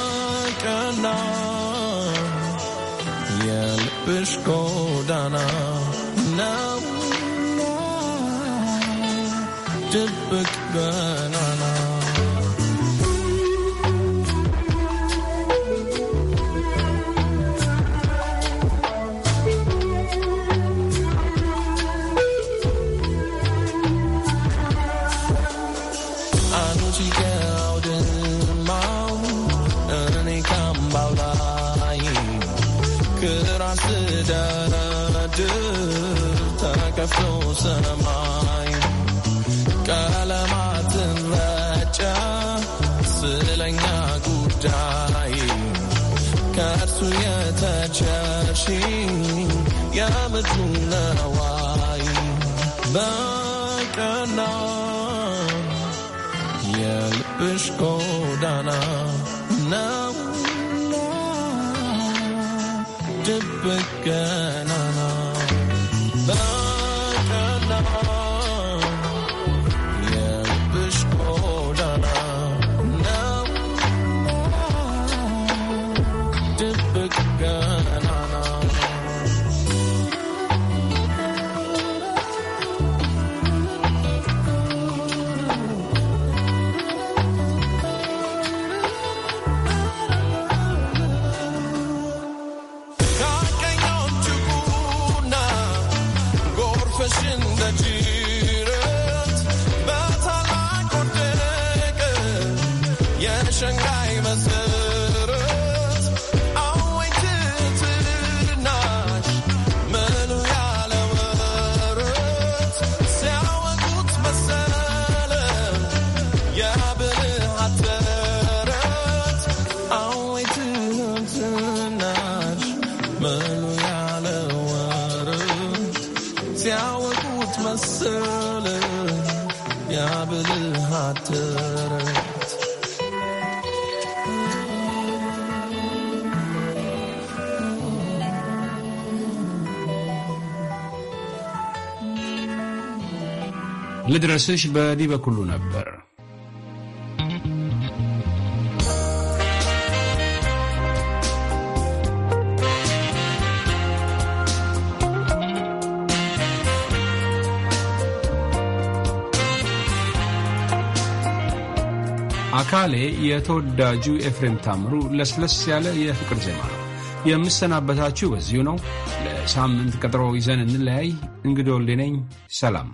beschkodana na na tepek ben ሰማይ ቀለማትን ረጨ ስለኛ ጉዳይ ከእርሱ የተቸርሽ የምድሩ ነዋይ በቀና የልብሽ ጎዳና ነውና ድብቅ ልድረስሽ በዲህ በኩሉ ነበር። አካሌ የተወዳጁ ኤፍሬም ታምሩ ለስለስ ያለ የፍቅር ዜማ ነው። የምሰናበታችሁ በዚሁ ነው። ለሳምንት ቀጠሮ ይዘን እንለያይ። እንግዶ ነኝ። ሰላም።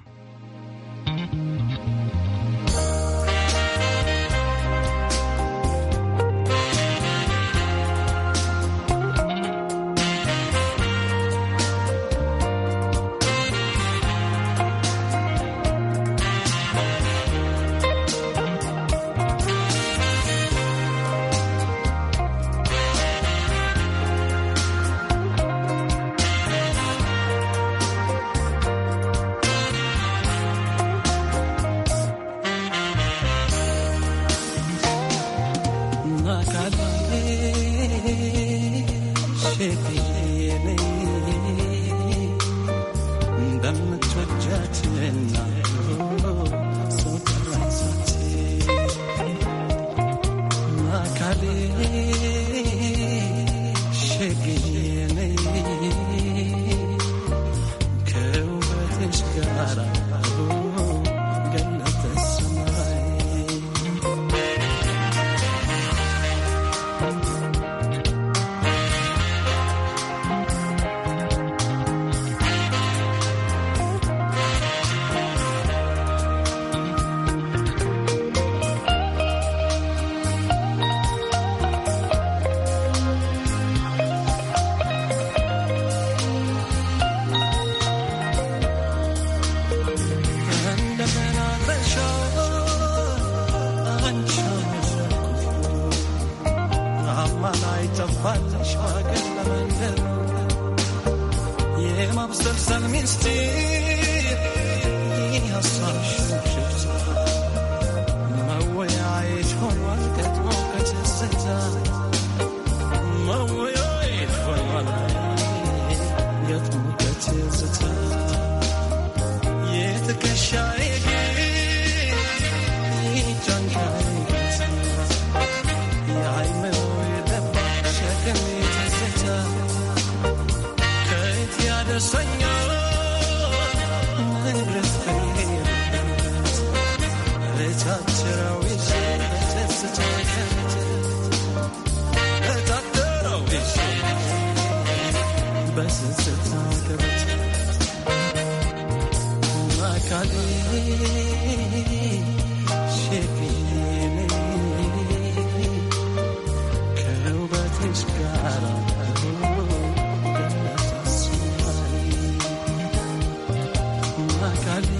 you.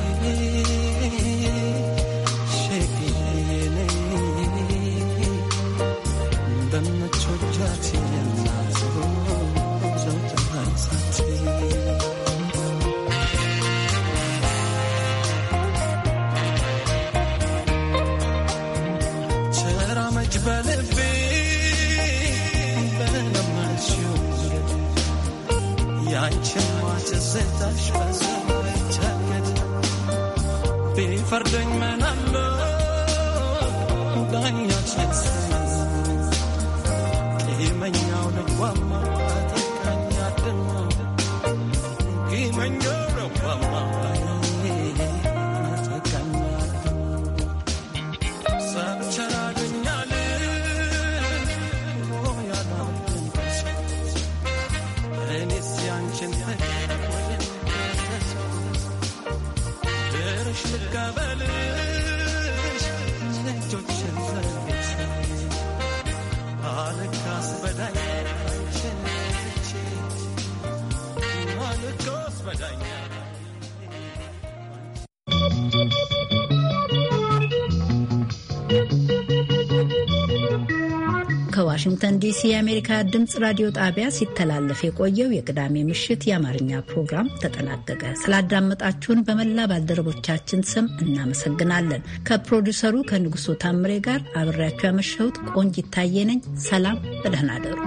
ከአሜሪካ ድምፅ ራዲዮ ጣቢያ ሲተላለፍ የቆየው የቅዳሜ ምሽት የአማርኛ ፕሮግራም ተጠናቀቀ። ስላዳመጣችሁን በመላ ባልደረቦቻችን ስም እናመሰግናለን። ከፕሮዲውሰሩ ከንጉሱ ታምሬ ጋር አብሬያችሁ ያመሸሁት ቆንጅ ይታየነኝ። ሰላም፣ በደህና አደሩ።